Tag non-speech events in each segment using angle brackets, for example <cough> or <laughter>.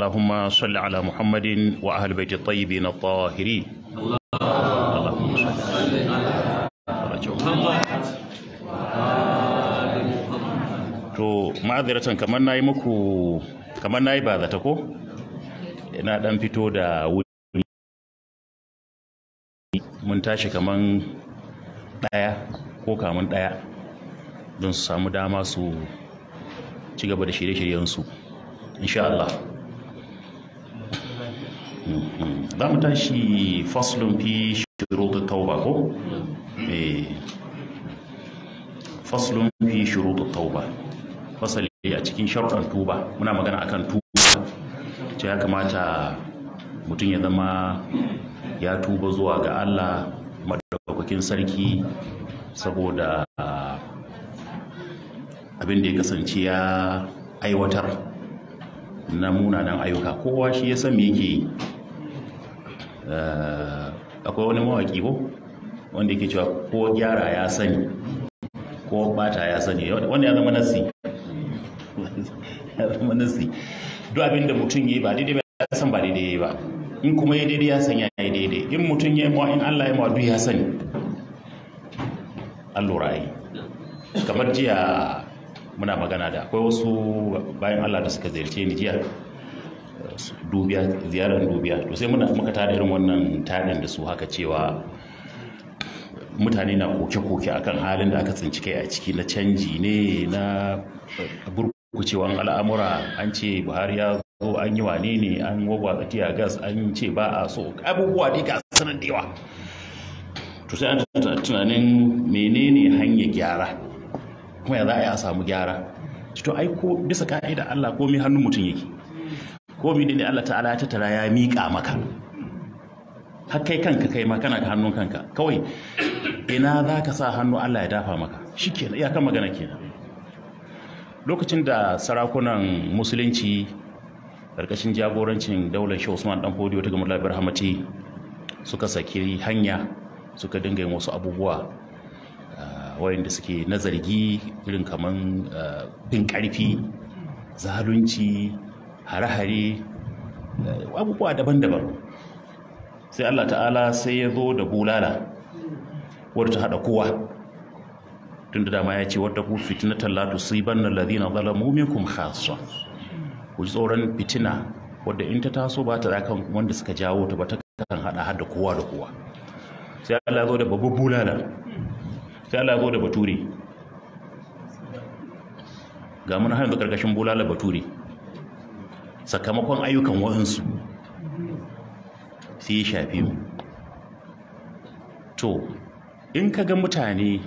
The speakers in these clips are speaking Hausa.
اللهم صل على محمد وأهل بيت الطيبين الطاهرين اللهم صل على to ma'adiratan kamar na yi muku kamar na yi ba zata ko ina dan fito da wuri mun tashi kamar ɗaya, ko kamun ɗaya, don su samu dama su ci gaba da shirye-shiryensu insha Allah za mu tashi faslun fi da tauba ko? faslun fi da tauba fasali a cikin sharuɗan tuba muna magana akan tuba ce ya kamata mutum ya zama ya tuba zuwa ga Allah madaukakin sarki saboda abin da ya kasance ya aiwatar na munanan ayyuka kowa shi ya san me yake yi eh, akwai wani mawaƙi ko wanda yake cewa ko gyara ya sani ko bata ya sani wanda ya zama nasi ya zama nasi duk abin da mutum yi ba daidai ba ya san ba daidai yi ba in kuma ya daidai ya san ya yi daidai in mutum ya mawa in Allah ya mawa duk ya sani an lura yi kamar jiya muna magana da akwai wasu bayan Allah da suka ziyarce ni jiya dubiya ziyarar dubiya to sai muna muka tada irin wannan tarin da su haka cewa mutane na koke-koke akan halin da aka tsinci kai a ciki na canji ne na burkucewan al'amura an ce buhari ya zo an yi wane ne an wagwatsa a gas an ce ba a so abubuwa ne ga sanar da yawa to sai an tunanin menene hanyar gyara kuma ya za a samu gyara to ai ko bisa ka'ida Allah ko komai hannun mutum yake komai dai Allah ta'ala ya tattara ya miƙa maka har kai kanka kai ma kana da hannun kanka kawai ina za ka sa hannu Allah ya dafa maka shikenan kan magana kenan lokacin da sarakunan musulunci karkashin jagorancin daular shi Usman dan Fodiyo ta gamar labar hamati suka saki hanya suka dinga yin wasu abubuwa wayanda suke na zargi irin kaman bin eh, karfi zalunci hare-hare eh, abubuwa daban-daban sai allah ta'ala sai ya zo da bulala wadda ta haɗa kowa tun da dama ya ce wadda ku fitina tallatu su ban na lalina zalamu minkum khasa ku ji tsoron fitina wadda in ta taso ba ta zakan wanda suka jawo ta ba ta kan haɗa hada kowa da kowa sai allah ya zo da babbar bulala sai Allah ya da bature ga mun hanyar karkashin bulala bature sakamakon ayyukan wa'ansu sai ya shafi mu to in ka ga mutane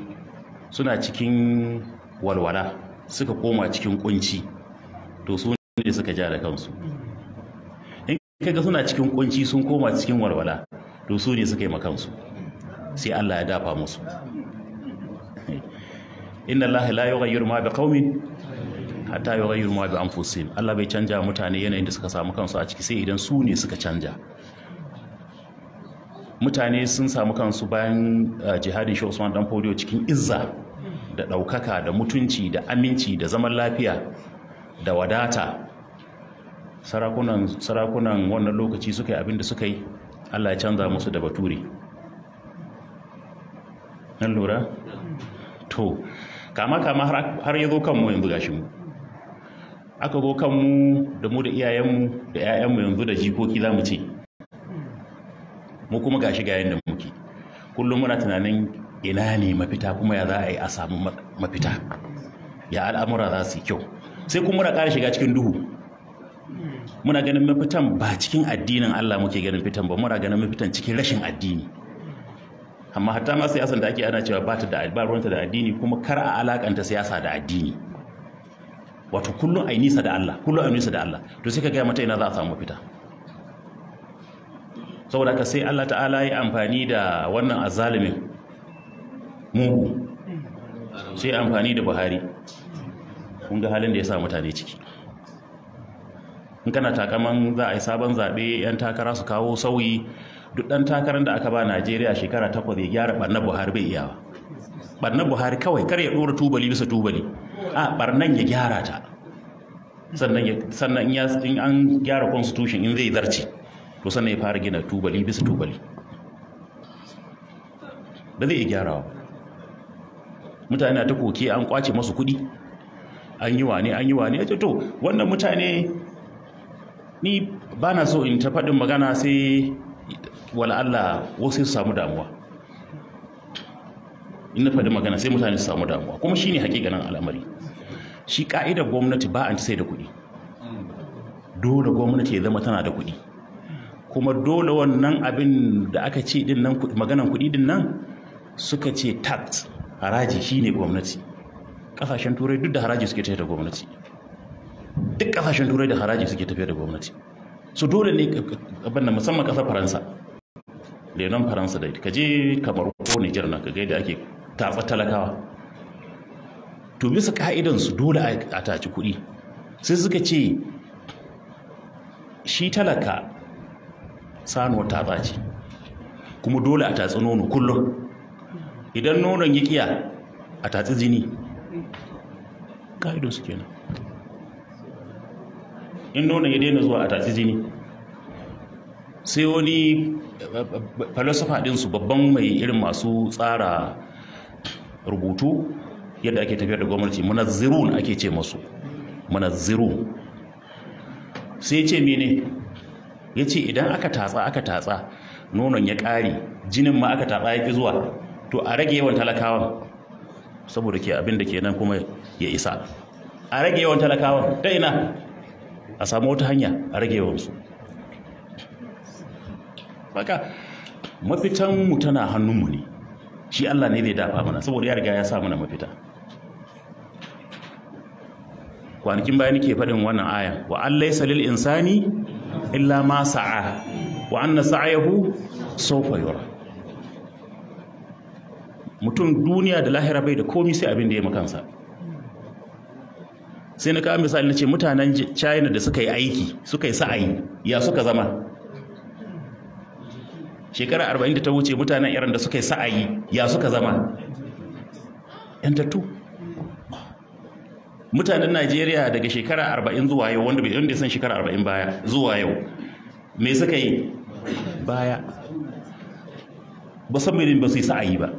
suna cikin walwala suka koma cikin kunci to su ne suka ja da kansu in ka ga suna cikin kunci sun koma cikin walwala to su ne suka yi makansu sai Allah ya dafa musu inna allaha la yughayyiru ma biqaumin hatta yughayyiru ma bi anfusihim Allah bai canja mutane yanayin da suka samu kansu a ciki sai idan su ne suka canja mutane sun samu kansu bayan uh, jihadin Shehu Usman dan Fodio cikin izza da ɗaukaka da mutunci da aminci da zaman lafiya da wadata sarakunan wannan lokaci suka yi abin da suka yi Allah ya canza musu da bature Nan lura? to kama kama har ya zo kanmu yanzu gashi mu aka zo kanmu da mu da iyayenmu da 'ya'yanmu yanzu da jikoki za mu ce mu kuma gashi ga yadda muke kullum muna tunanin ina ne mafita kuma ya za a yi a samu mafita ya al'amura za su yi kyau sai kuma muna ƙara shiga cikin duhu muna ganin mafitan ba cikin addinin Allah muke ganin fitan ba muna ganin mafitan cikin rashin addini amma hatta ma siyasan da ake ana cewa bata ta da ruwanta da addini kuma kar a alakanta siyasa da addini wato kullum ai nisa da Allah kullum ai nisa da Allah to sai ka ga mata ina za a samu fita saboda haka sai Allah ta'ala ya amfani da wannan azalimin mugu sai amfani da Buhari kun ga halin da ya sa mutane ciki in kana takaman za a yi sabon zaɓe 'yan takara su kawo sauyi duk ɗan takarar da aka ba Najeriya shekara takwas ya gyara barna Buhari bai iyawa barna Buhari kawai kar ya ɗora tubali bisa tubali a barnan ya gyara ta sannan in an gyara constitution in zai zarce to sannan ya fara gina tubali bisa tubali ba zai iya gyarawa ba mutane ta koke an kwace masu kuɗi an yi wane an yi wane ya to wannan mutane ni ba na so in ta faɗin magana sai wala Allah wasu su samu damuwa ina faɗi magana sai mutane su samu damuwa kuma shine hakikanin al'amari shi ka'idar gwamnati ba an ci sai da kuɗi dole gwamnati ya zama tana da kuɗi kuma dole wannan abin da aka ce din nan maganan kuɗi din nan suka ce tax haraji shine gwamnati kasashen turai duk da haraji suke tafiya da gwamnati duk kasashen turai da haraji suke tafiya da gwamnati su dole ne abin da musamman kasar faransa lenon faransa da ka je kamar ko niger na ka gaida ake tafa talakawa to bisa ka'idan su dole a taci kuɗi sai suka ce shi talaka sanuwar ta ce kuma dole a tatsi nono kullum idan nonon ya kiya a tatsi jini ka'idansu kenan in nonon ya daina zuwa a tatsi jini sai wani philosopher din su babban mai irin masu tsara rubutu yadda ake tafiyar da gwamnati munazzirun ake ce masu munazzirun sai ce mene ya ce idan aka tatsa aka tatsa nonon ya ƙari jinin ma aka tatsa ya fi zuwa to a rage yawan talakawan saboda ke abin da ke nan kuma ya isa a rage yawan talakawan ta ina a samu wata hanya a rage yawansu baka mafitan mu tana hannun mu ne shi Allah ne zai dafa mana saboda ya riga ya sa mana mafita kwanakin bayan nake faɗin wannan aya wa an lil insani illa ma sa'a wa anna sa'yahu sawfa yura mutum duniya da lahira bai da komai sai abin da ya makansa sai na kawo misali na ce mutanen china da suka yi aiki suka yi sa'ayi ya suka zama shekara arba'in da ta wuce mutanen iran da suka yi sa'ayi ya suka zama yantattu mutanen najeriya daga shekara arba'in zuwa yau wanda bai yadda ya san shekara arba'in baya zuwa yau me suka yi baya ba sami mai ba su yi sa'ayi ba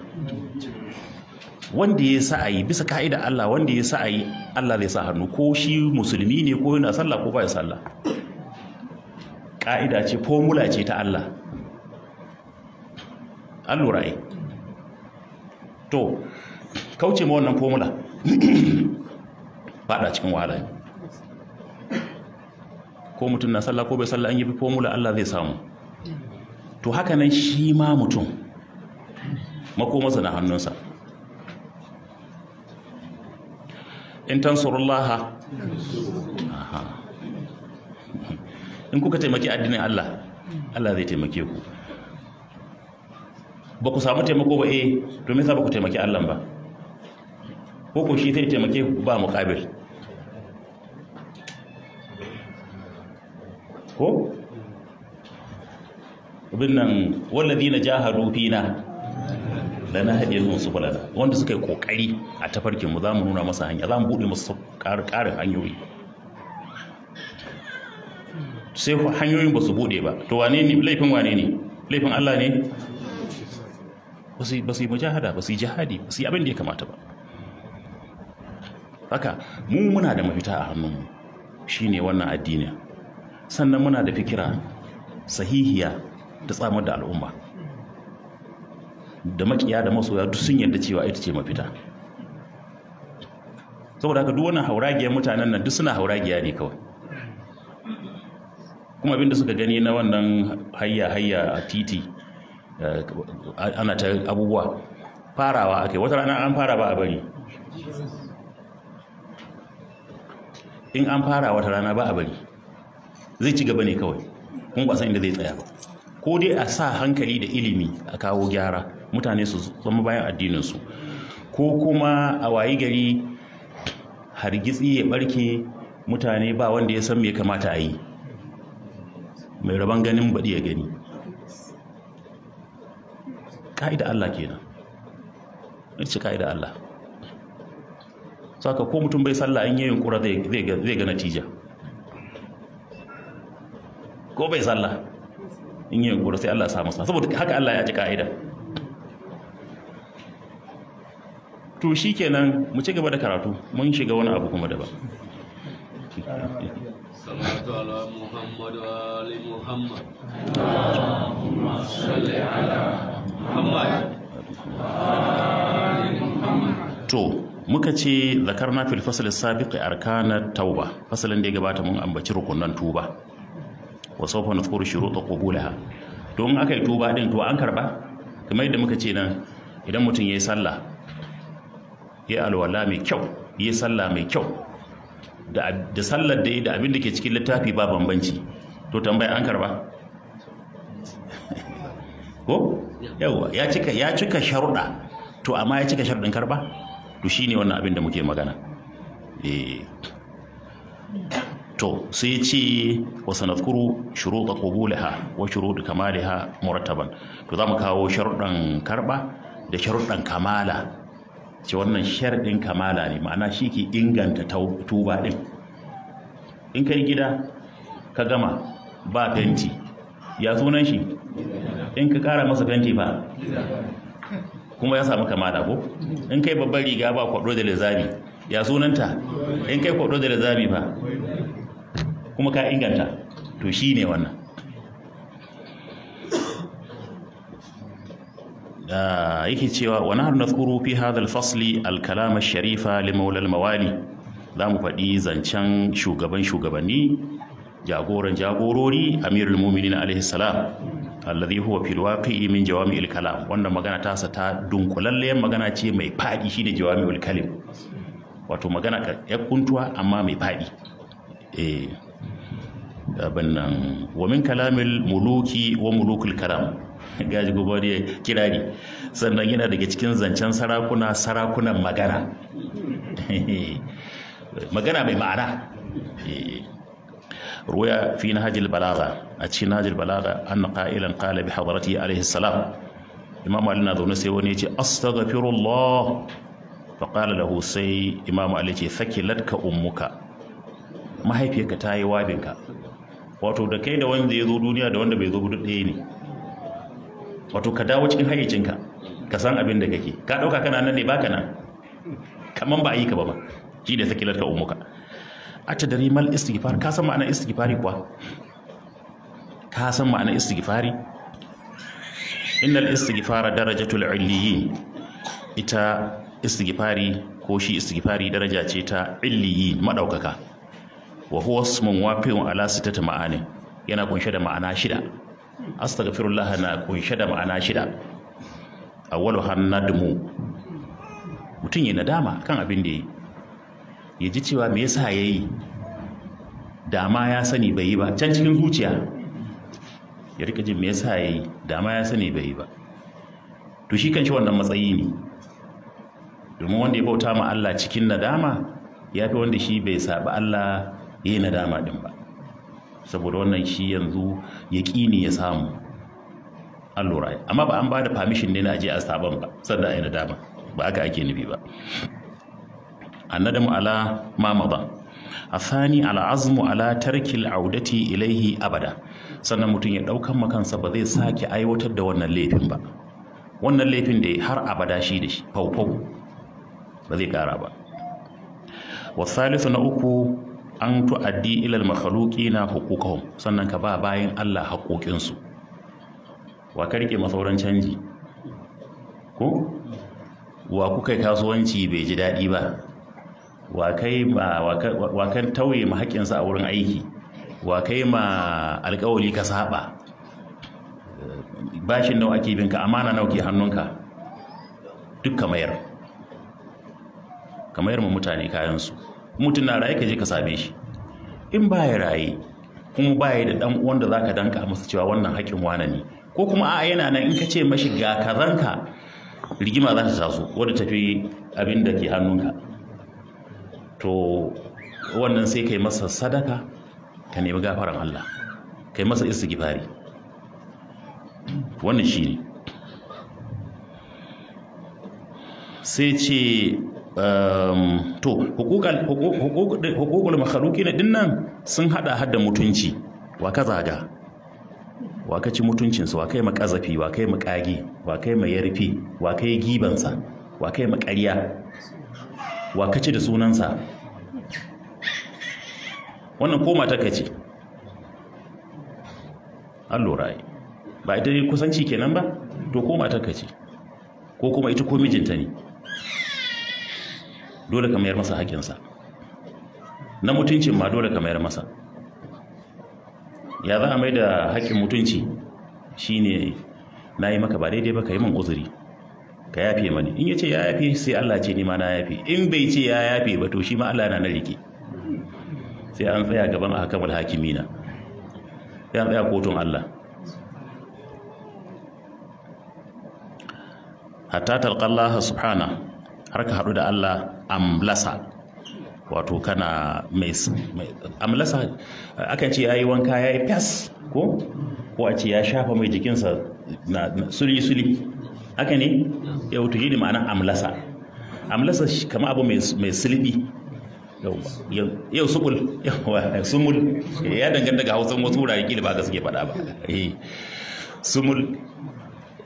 wanda ya yi sa'ayi bisa ka'ida Allah wanda ya yi sa'ayi Allah zai sa hannu ko shi musulmi ne ko yana sallah ko ba ya sallah ka'ida ce formula ce ta Allah an lura yi. to kauce ma wannan formula fada cikin wahala ko mutum na sallah ko bai sallah an yi formula Allah zai samu to haka nan shi ma mutum makomasa na hannunsa in laha, in kuka taimaki addinin Allah Allah zai taimake ku ba ku samu taimako ba eh to me yasa ba ku taimaki Allah ba ko ko shi zai taimake ku ba muqabil ko binnan walladina jahadu fina lana hadiyahum subulana wanda suka yi kokari a tafarkin mu zamu nuna masa hanya zamu bude masa karin hanyoyi sai hanyoyin ba su bude ba to wane ne laifin wane ne laifin Allah ne ba su yi mujahada ba su yi jihadi ba su yi abin da ya kamata ba haka mu muna da mafita a hannunmu shine wannan addini. sannan muna da fikira sahihiya ta tsamar da al'umma da makiya da masoya duk sun yarda cewa ita ce mafita saboda haka duk wannan hauragiyar mutanen nan duk suna hauragiya ne kawai kuma abinda suka gani na wannan hayya hayya a titi Eh, ana ta abubuwa farawa ake wata rana an fara ba a bari in an fara wata rana ba a bari zai ci gaba ne kawai kun ba inda zai tsaya ko dai a sa hankali da ilimi a kawo gyara mutane su zama bayan addininsu ko kuma a wayi gari hargitsi ya barke mutane ba wanda ya san me kamata a yi mai rabon ganin baɗi ya gani ka'ida Allah kenan ita ce ka'ida Allah saka ko mutum bai sallah an yayin kura zai ga natija ko bai sallah in yayin kura sai Allah ya samu saboda haka Allah ya ji ka'ida to shi kenan mu ci gaba da karatu mun shiga wani abu kuma daban salatu ala muhammad wa ali muhammad allahumma salli ala to muka ce zakarna fil fasalin sabiƙi arkanar tauba fasalin da ya gabata mun ambaci rukunan tuba wa sawfa nadhkuru shurut qabulaha to in aka yi tuba ɗin to an karɓa, kamar yadda muka ce nan idan mutum ya yi sallah yi alwala mai kyau yi sallah mai kyau da sallar da da abin da ke cikin littafi ba bambanci to tambaya an karɓa. <laughs> ko yawa ya cika ya cika sharuɗa to amma ya cika sharuɗin karba to shine wannan abin da muke magana eh to sai ce wa sanadkuru shuruɗa qabulaha wa shuruɗu kamaliha murattaban to zamu kawo sharuɗan karba da sharuɗan kamala ce wannan sharuɗin kamala ne ma'ana shi ke inganta tuba ɗin in kai gida ka gama ba fenti ya sunan shi in ka ƙara masa fenti ba kuma ya samu kamala ko in kai babbar riga ba kwado da lizabi ya sunanta in kai kwado da lizabi ba kuma ka inganta to shi ne wannan yake cewa wani har tsoro fi hadha fasli alkalamar sharifa li Mawali za mu faɗi zancen shugaban shugabanni jagoran jagorori amirul na alaihi salam alladhi huwa fil waqi'i min jawami'il kalam wannan magana ta sa ta dunkulalle magana ce mai fadi shine jawami'ul kalim wato magana ka kuntuwa amma mai fadi eh abin nan wa min kalamil muluki wa mulukul karam, <laughs> gaji gobari kirari sannan yana daga cikin zancen sarakuna sarakunan magana <laughs> magana mai ma'ana eh, ruwaya fi nahajil balaga a cikin nahajil balaga ana qailan qala bi hadarati alaihi salam imam ali na zaune sai wani ya ce astaghfirullah fa qala lahu sai imam ali ce ummuka mahaifiyarka ta wato da kai da wanda ya zo duniya da wanda bai zo gudu ɗaya ne wato ka dawo cikin hayyacinka ka san abin da kake ka ɗauka kana nan ne baka nan Kamar ba a yi ka ba ba shi da sakilar ka umuka atadari mal istighfar ka san ma'anar istighfari kuwa ka san ma'anar istighfari innal istighfara darajatul illiyin ita istighfari ko shi istighfari daraja ce ta illiyin madaukaka wa huwa ismun wafi'un ala sittati ma'ani yana kunshe da ma'ana shida astaghfirullah na kunshe da ma'ana shida awwalu hannadmu mutum ya nadama kan abin da yake ya ji cewa me yasa ya yi dama ya sani bai yi ba can cikin zuciya ya rika jin me yasa ya yi dama ya sani bai yi ba to shi kan shi wannan matsayi ne domin wanda ya bauta ma Allah cikin nadama ya fi wanda shi bai saba Allah ya yi nadama din ba saboda wannan shi yanzu ya ya samu allura. amma ba an ba da permission ne na je a saban ba sannan a yi nadama ba aka ake nufi ba annadamu ala ma mada athani ala ala tarkil audati ilaihi abada sannan mutum ya daukan makansa ba zai sake aiwatar da wannan laifin ba wannan laifin da har abada shi da shi fau-fau. ba zai kara ba wasalisu na uku an tu'addi ilal na huquqahum sannan ka ba bayan Allah haƙoƙinsu wa ka masauran canji ko wa kuka kasuwanci bai ji daɗi ba wa kai tauye ma haƙƙinsa a wurin aiki wa ma alƙawari ka saba bashin nawa ake binka amana nawa ke hannunka duk ka mayar ka ma mutane kayansu mutum na raye ka je ka same shi in ba ya raye kuma ba ya da dan wanda za ka danka masa cewa wannan haƙƙin wane ne ko kuma a yana nan in ka ce mashi ga kazanka rigima za ta taso wadda tafi abin da ke hannunka to wannan sai kai masa sadaka ka nemi gafaran Allah kai masa gifari wannan shi ne sai ce um, to hukukul makhaluki na dinnan sun hada hada mutunci wa ka zaga wa ka ci mutuncinsu wa kai makazafi wa kai makagi wa kai mayarfi wa kai gibansa wa kai makariya wa kace da sunansa wannan koma ta kace an lura ba ita dai kusanci kenan ba to koma ta kace ko kuma ita ko mijinta ne dole ka mayar masa hakinsa na mutuncin ma dole ka mayar masa ya za a mai da haƙƙin mutunci shine na yi maka ba daidai ba ka yi min uzuri ka yafe mani in ya ce ya yafe sai Allah ce ni ma na yafe in bai ce ya yafe ba to shi ma Allah yana na rike sai an tsaya gaban hakamul hakimina sai an tsaya kotun Allah hatta talqa subhana har ka haɗu da Allah amlasa wato kana mai amlasa aka ce yayi wanka yayi fas ko ko a ce ya shafa mai jikinsa na suli suli haka ne ya wuce shi ne ma'anar amlasa amlasa kama abu mai silbi yau subul sumul eh, ya danganta ga hausa wasu wurare kila ba suke faɗa ba eh, sumul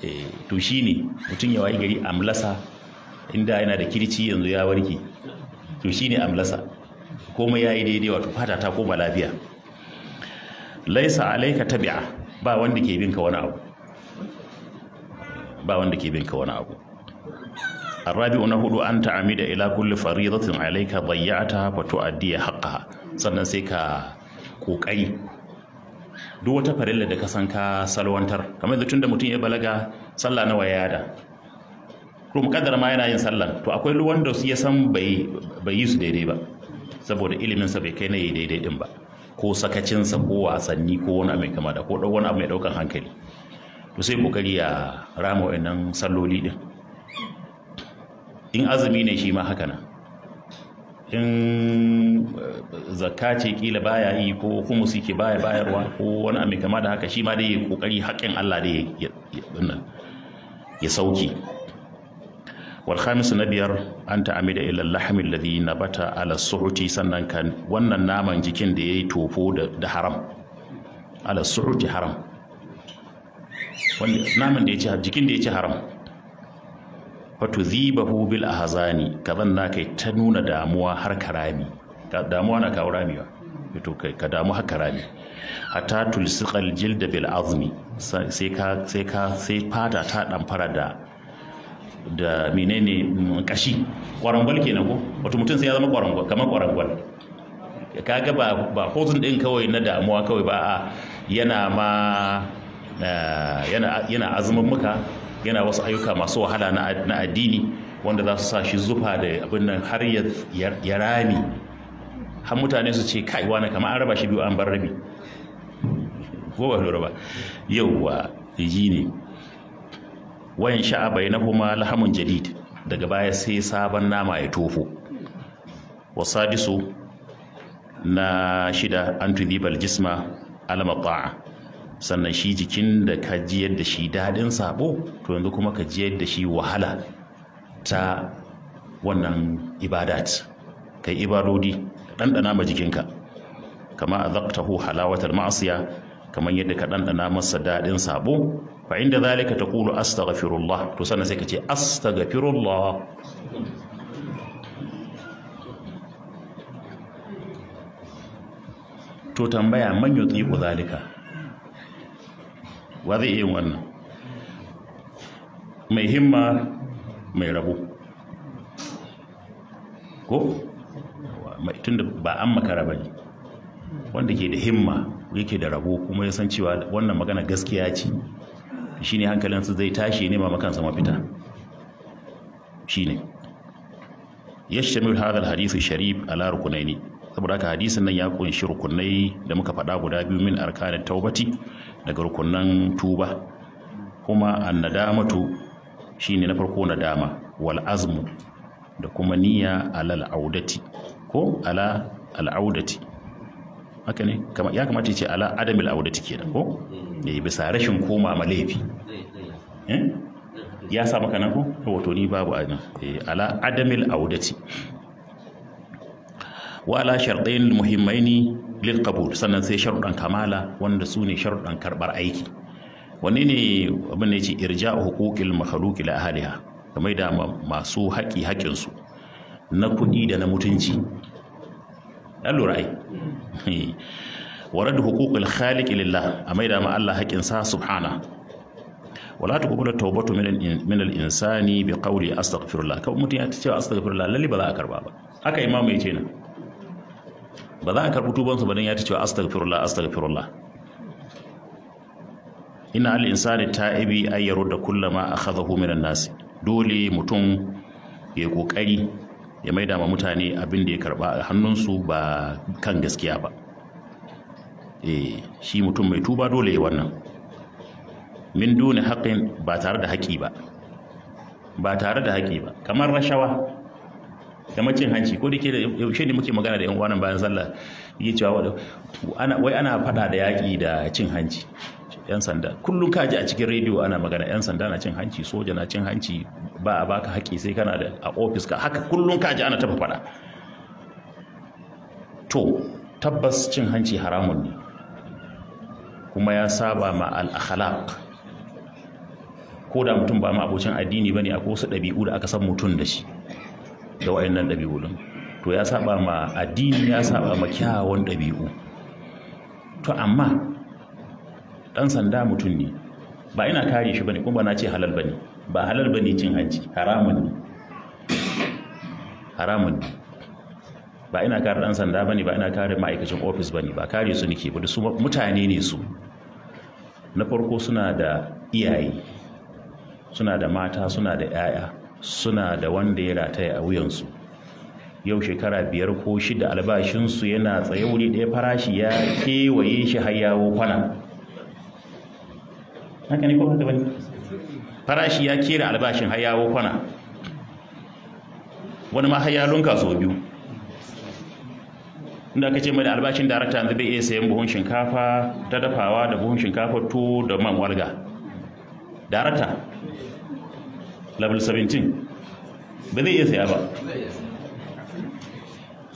eh, to shi ne mutum ya wayi gari amlasa inda yana da kirci yanzu ya warke to shi ne amlasa komai ya yi daidai wato fata ta koma lafiya laisa alaika tabi'a ba wanda ke binka wani abu ba wanda ke bin ka wani abu hudu an الرابع نهض أن تعمد إلى كل ta عليك ضيعتها فتؤدي حقها sannan sai ka kokari duk wata farilla da ka san ka salwantar kamar da mutum ya balaga sallah nawa ya yada kuma kadar ma yana yin sallah to akwai ruwan da su ya san bai yi su daidai ba saboda ilimin sa bai kai na yi daidai din ba ko sakacinsa ko wasanni ko wani abu mai kama da ko wani abu mai hankali to sai kokari ya rama wayannan salloli din in azumi ne shi ma haka nan in eh, zakka ce kila baya yi ko kuma su ke baya bayarwa ko wani abu kama da haka shi ma dai kokari haƙƙin Allah da ya ya sauki wal khamis na biyar an ta'amida ila lahmin ladhi nabata ala suhuti sannan kan wannan naman jikin da yayi tofo da haram ala suhuti haram naman da ya ci jikin da ya ci haram wato zibahu bil ahzani kazan na kai ta nuna damuwa har karami damuwa na kawo ramewa to kai ka damu har karami hatta tulsiqal jilda bil azmi sai ka sai ka sai fata ta damfara da da menene kashi kwarangwal kenan ko wato mutum sai ya zama kwarangwal kamar kwarangwal kaga ba ba hotun din kawai na damuwa kawai ba a yana ma yana azumin muka yana wasu ayyuka masu wahala na addini wanda za su sa shi zufa da abin nan har ya rami har mutane su ce kai wani kama an raba shi biyu an bar rabi ko ba lura ba yauwa ji ne wayan bai na kuma lahamun jadid daga baya sai sabon nama ya tofo wasadisu na shida an tudibal jisma alama ta'a sannan shi jikin da ka ji da shi daɗin sabo to yanzu kuma ka jiyar da shi wahala ta wannan ibadat kai ibadodi ɗanɗana ma jikinka kama a zaktahu halawatar ma'asiya kamar yadda ka ɗanɗana masa daɗin sabo fa inda zalika ta kulu astaghfirullah to sannan sai ka ce astaghfirullah to tambaya man yutsi zalika wa zai yin wannan mai himma mai rabo ko tunda ba an makara ba ne wanda ke da himma yake da rabo kuma ya san cewa wannan magana gaskiya ce shi ne hankalinsu zai tashi nema makansa mafita Shi ne. Ya shamil hadha alhadith sharif a ala ne saboda haka hadisin nan ya kunshi rukunai da muka faɗa guda biyu min arkanin taubati daga rukunan tuba kuma shi shine na farko nadama wal azmu da kuma niyya alal audati ko ala al'audati haka ne ya kamata ya ce ala adamil audati kenan ko ne eh, bisa rashin koma ma laifi eh? ya sa maka nan ko wato ni babu ajin eh, ala adamil audati wa ala sharɗain muhimmaini lil sannan sai sharuɗan kamala wanda su ne sharuɗan karɓar aiki Wani ne abin da yake irja'u huquqil makhluq ila ahliha kamar da masu haƙi haƙinsu na kuɗi da na mutunci ɗan lura ai warad huquqil khaliq lillah a da ma Allah haƙinsa sa subhana wala ta tawbatu taubatu minal insani bi qawli astagfirullah kawai mutum ya ce astagfirullah lalle ba za a karba ba haka imamu ce nan ba za a karɓi tubansu ba don ya ta cewa astagfirullah astagfirullah ina al insani ibi ayyaro da kullama akhadhahu minan nasi dole mutum ya kokari ya maida ma mutane abin da ya karɓa a hannunsu ba kan gaskiya ba E, shi mutum mai tuba dole ya wannan min duni haƙin ba tare da haƙi ba ba tare da haƙi ba kamar rashawa da cin hanci ko da ke yaushe ne muke magana da yan uwanan bayan sallah yake cewa wai ana fada da yaki da cin hanci yan sanda kullum ka ji a cikin rediyo ana magana yan sanda na cin hanci soja na cin hanci ba a baka haƙi sai kana da a ofis ka haka kullum ka ji ana tafa faɗa to tabbas cin hanci haramun ne kuma ya saba ma al-akhlaq ko da mutum ba ma abocin addini bane akwai wasu ɗabi'u da aka san mutum da shi da nan ɗabi'u din to ya saba ma addini ya saba ma kyawawan ɗabi'u to amma ɗan sanda mutum ne ba ina kare shi bane kuma na ce halal bane ba halal bane cin hanci haramun ne haramun ne ba ina kare ɗan sanda bane ba ina kare ma'aikacin ofis bane ba kare su nike ba su mutane ne su na farko suna da iyaye suna da mata suna da 'ya'ya suna da wanda ya rataya a wuyansu yau shekara biyar ko shida albashinsu yana tsaye wuri ɗaya farashi ya kewaye shi hayawo kwana haka ne kuma haka farashi ya kera albashin hayawo kwana wani ma har yalon kaso biyu inda aka ce mai da albashin darakta yanzu zai iya sayan buhun shinkafa ta dafawa da buhun shinkafa to da man walga darakta level 17 ba zai iya saya ba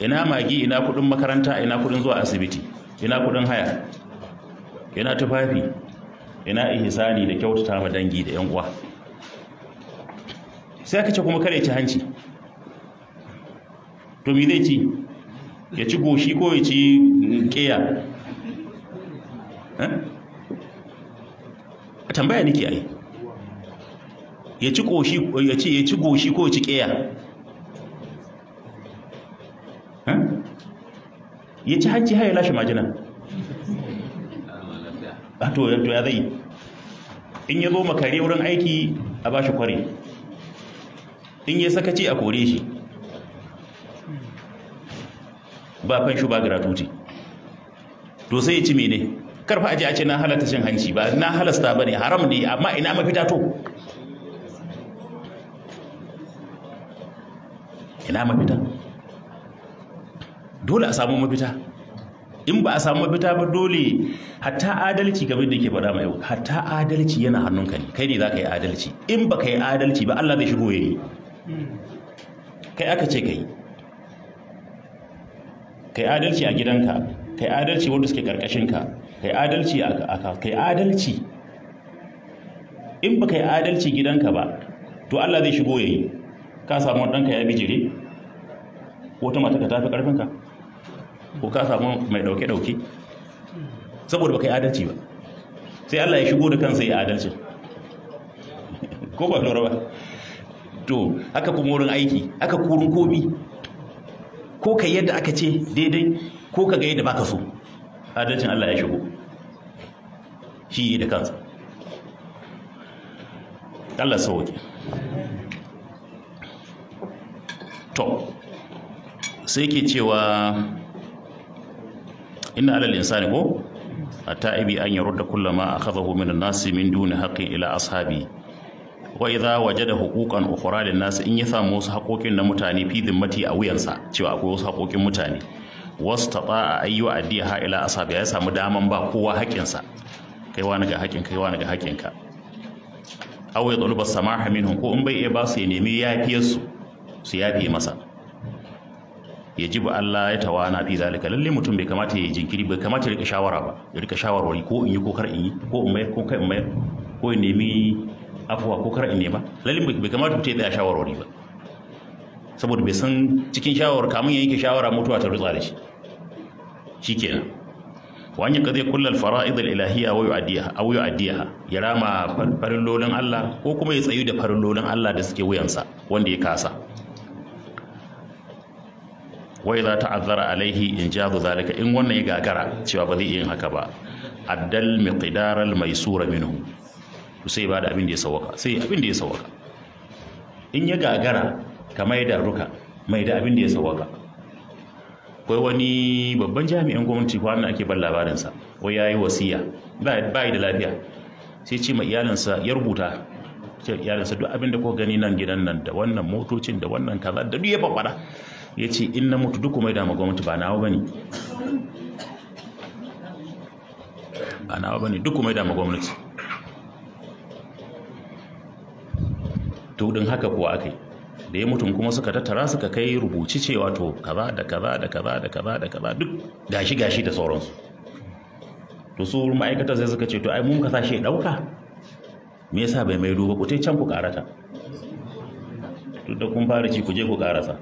ina magi ina kudin makaranta ina kudin zuwa asibiti ina kudin haya ina tufafi ina ihisani da kyautata ma dangi da yan uwa sai aka ce kuma kare ci hanci to me zai ci ya ci goshi ko ya ci keya eh? tambaya nake ai ya ci koshi ya ce ya ci goshi ko ya ci ƙeya ya ci hajji har lashe majina a ah, to ya zai in ya zo makare wurin aiki a ba shi kware in ya sakaci a kore shi ba shi ba tuti. to sai ya ci mene karfa aji a ce na halatta cin hanci ba na halasta ba ne haram ne amma ina mafita to ina mafita dole a samu mafita in ba a samu mafita ba dole hatta adalci game da ke faɗa mai hatta adalci yana hannunka ne kai ne za ka yi adalci in ba ka yi adalci ba Allah zai shigo ya yi kai aka ce kai kai adalci a gidanka kai adalci wanda suke karkashinka kai adalci a kai adalci in ba ka yi adalci gidanka ba to Allah zai shigo yayi ka samu ɗanka ya bijire wata mata ka tafi ƙarfinka ko ka samu mai ɗauke-ɗauke saboda ka yi adalci ba sai Allah ya shigo da kansa ya adalci ko ba lura ba to haka kuma wurin aiki haka kurin komi ko ka yadda aka ce daidai ko ka ga yadda baka so adalcin Allah ya shigo shi yi da kansa Allah sauke to sai ke cewa ina alalin sani ko a ta'ibi an yi rudda kullama a kafa hominu nasi min duni haƙin ila ashabi wa idza wajada huquqan ukhra lin nas in samu wasu haqoqin na mutane fi dimmati a wuyansa cewa akwai wasu haƙoƙin mutane Wasu wastata a ayyu addiya ha ila ashabi ya samu daman ba kowa haƙinsa kai wa ga haƙin kai wa ga haƙinka aw ya talaba samaha minhum ko in bai iya ba su ya nemi yafiyar su su yafe masa ya ji ba Allah ya tawana fi zalika lalle mutum bai kamata ya jinkiri bai kamata ya rika shawara ba ya rika shawarwari ko in yi ko kar in yi ko in mayar ko kai in mayar ko in nemi afuwa ko kar in nema lalle bai kamata mutum ya tsaya shawarwari ba saboda bai san cikin shawarar kamun ya yanke shawara mutuwa ta rutsa da shi shikenan wa an yaqdi kull al fara'id al ilahiyya wa yu'addiha aw yu'addiha ya rama lolin Allah ko kuma ya tsayu da farin lolin Allah da suke wuyansa wanda ya kasa wai za ta azara alaihi in jazu zalika in wannan ya gagara cewa ba zai yin haka ba addal miqdaral maisura minhu sai ba da abin da ya sauka sai abin da ya sauka. in ya gagara ka mai da ruka mai da abin da ya sauka. akwai wani babban jami'in gwamnati ko wannan ake ban labarinsa wai ya yi wasiya ba yi da lafiya sai ce ma iyalinsa ya rubuta ce iyalinsa duk abin da kuka gani nan gidan nan da wannan motocin da wannan kaza da duk ya babbara ya ce in na mutu duk mai dama gwamnati ba nawa ba ba nawa ne duk mai dama gwamnati to din haka kuwa aka da ya mutum kuma suka tattara suka kai rubuci cewa to kaza da kaza da kaza da kaza da kaza duk gashi gashi da sauransu to su ma'aikata sai suka ce to ai mun ka sashi ya dauka me yasa bai mai duba ku tai can ku karata To da kun fara ci ku je ku karasa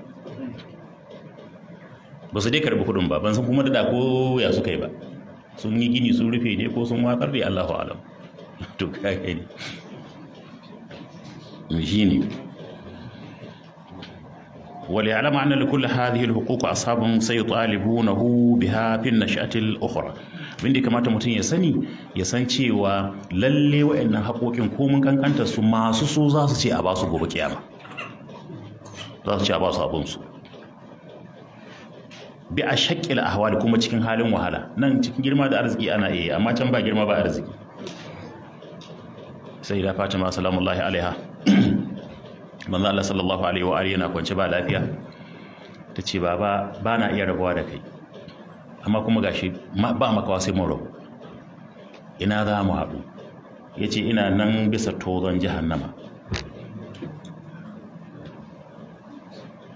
ba su dai karbi kuɗin ba ban san kuma da ko ya suka yi ba sun yi gini sun rufe ne ko sun watsar da Allahu alam <laughs> to kage ne shi ne وليعلم أن لكل هذه الحقوق أصحاب سيطالبونه na في ukhra bin da kamata mutum ya sani ya san cewa lalle wa'annan haƙoƙin komin kankanta su masu so za su ce a basu gobe kiyama za su ce a su abinsu bi a shakkil ahwal kuma cikin halin wahala nan cikin girma da arziki ana iya amma can ba girma ba arziki sai da fatima salamullahi alaiha <clears throat> manzo Allah sallallahu alaihi wa alihi yana kwance ba lafiya tace baba ba na iya rabuwa da kai amma kuma gashi ba makawa sai mun ina za mu haɗu yace ina nan bisa tozon jahannama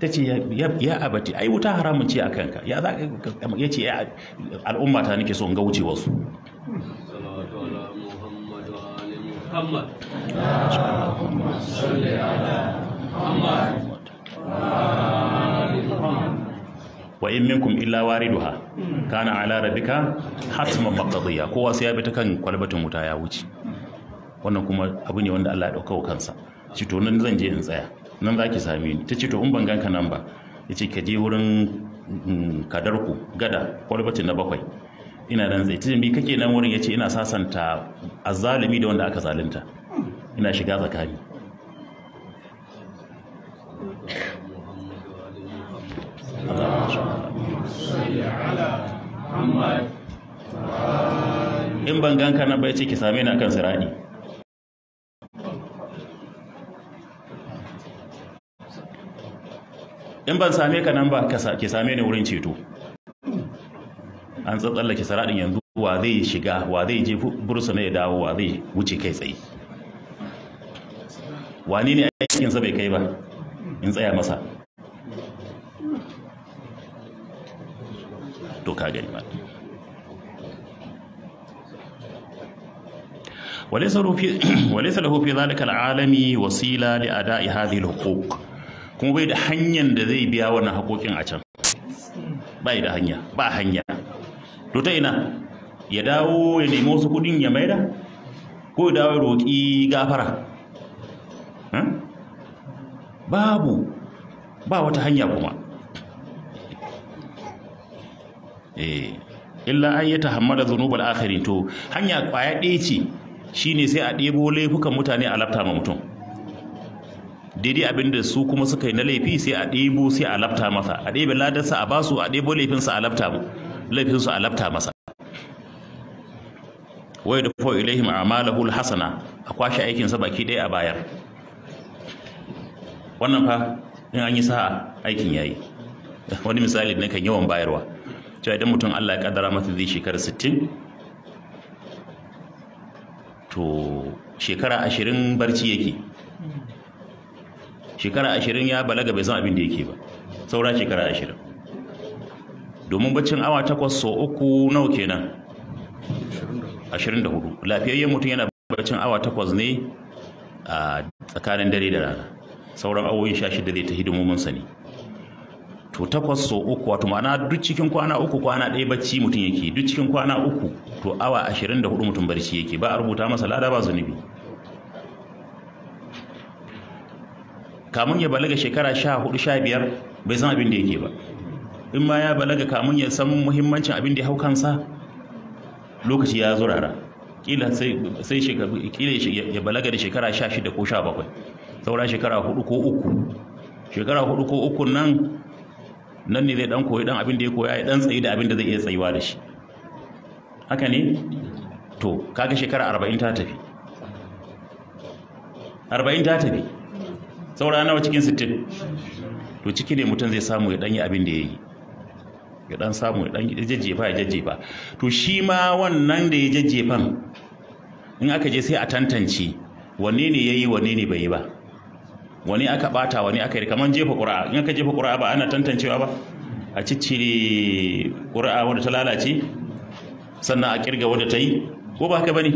ta ce ya abati ai wuta haramun ce a kanka ya za ya ce al'umma ta nake son in ga wucewa su wa in minkum illa wariduha kana ala rabbika hatman maqdiya kowa sai ya bi ta kan kwalbatin wuta ya wuce wannan kuma abu ne wanda Allah ya dauka kansa shi to nan zan je in tsaya nan za ki same ni ta ce to in ban ganka nan ba ya ce ka je wurin mm, kadarku gada kwalbatin na bakwai ina nan zai ta mi kake nan wurin ya ce ina sasanta azzalumi da wanda aka zalunta ina shiga tsakani in ban ganka nan ba ya ce ki same ni akan sirani in ban same ka nan ba ke same ni wurin ceto an Tsallake saradin yanzu wa zai shiga wa zai je ne ya dawo wa zai wuce kai tsaye wani ne aikinsa bai kai ba in tsaya masa to ka gani ba وليس له في ذلك العالم وسيلة لأداء هذه الحقوق kuma bai da hanyar da zai biya wannan haƙoƙin a can bai da hanya ba hanya to ta ina ya dawo ya nemi wasu kuɗin ya maida ko ya dawo ya roƙi gafara babu ba wata hanya kuma eh illa an ta hamada zunubar akari to hanya kwaya ɗaya ce shine sai a ɗebo laifukan mutane a lafta ma mutum daidai abin da su kuma suka yi na laifi sai a ɗebo sai a lafta masa a ɗebe ladarsa a basu a ɗebo laifinsa a lafta mu laifinsu a lafta masa wai da fa ilaihim Hul, hasana a kwashe aikinsa baki ɗaya a bayar wannan fa in an yi sa'a aikin yayi <laughs> wani misali na kan yawan bayarwa cewa idan mutum Allah ya kaddara masa zai shekara sittin to shekara ashirin barci yake shekara ashirin ya balaga bai san abin da yake ba saura shekara ashirin domin baccin awa takwas so uku nawa kenan ashirin da hudu lafiyayyen mutum yana baccin awa takwas ne a tsakanin dare da rana sauran awoyin sha shida zai ta hidimominsa ne to takwas so uku wato ma'ana duk cikin kwana uku kwana ɗaya bacci mutum yake duk cikin kwana uku to awa ashirin da hudu mutum barci yake ba a rubuta masa lada ba zunubi kamun ya balaga shekara sha hudu sha biyar bai san abin da yake ba in ma ya balaga kamun ya san muhimmancin abin da ya hau kansa lokaci ya zurara kila sai kila ya balaga da shekara sha shida ko sha bakwai saura shekara hudu ko uku shekara hudu ko uku nan nan ne zai dan koyi dan abin da ya koya ya dan tsayi da abin da zai iya tsayuwa da shi haka ne to kaga shekara arba'in ta tafi arba'in ta tafi saura nawa cikin sittin to ciki ne mutum zai samu ya yi abin da ya yi ya ɗan samu ya ɗan jajjefa ya jajjefa to shi ma wannan da ya jajjefan in aka je sai a tantance wanne ne ya yi wanne ne bai yi ba wani aka ɓata wani aka yi kamar jefa ƙura'a in aka jefa ƙura'a ba ana tantancewa ba a ciccire ƙura'a wadda ta lalace sannan a ƙirga wadda ta yi ko ba haka ba ne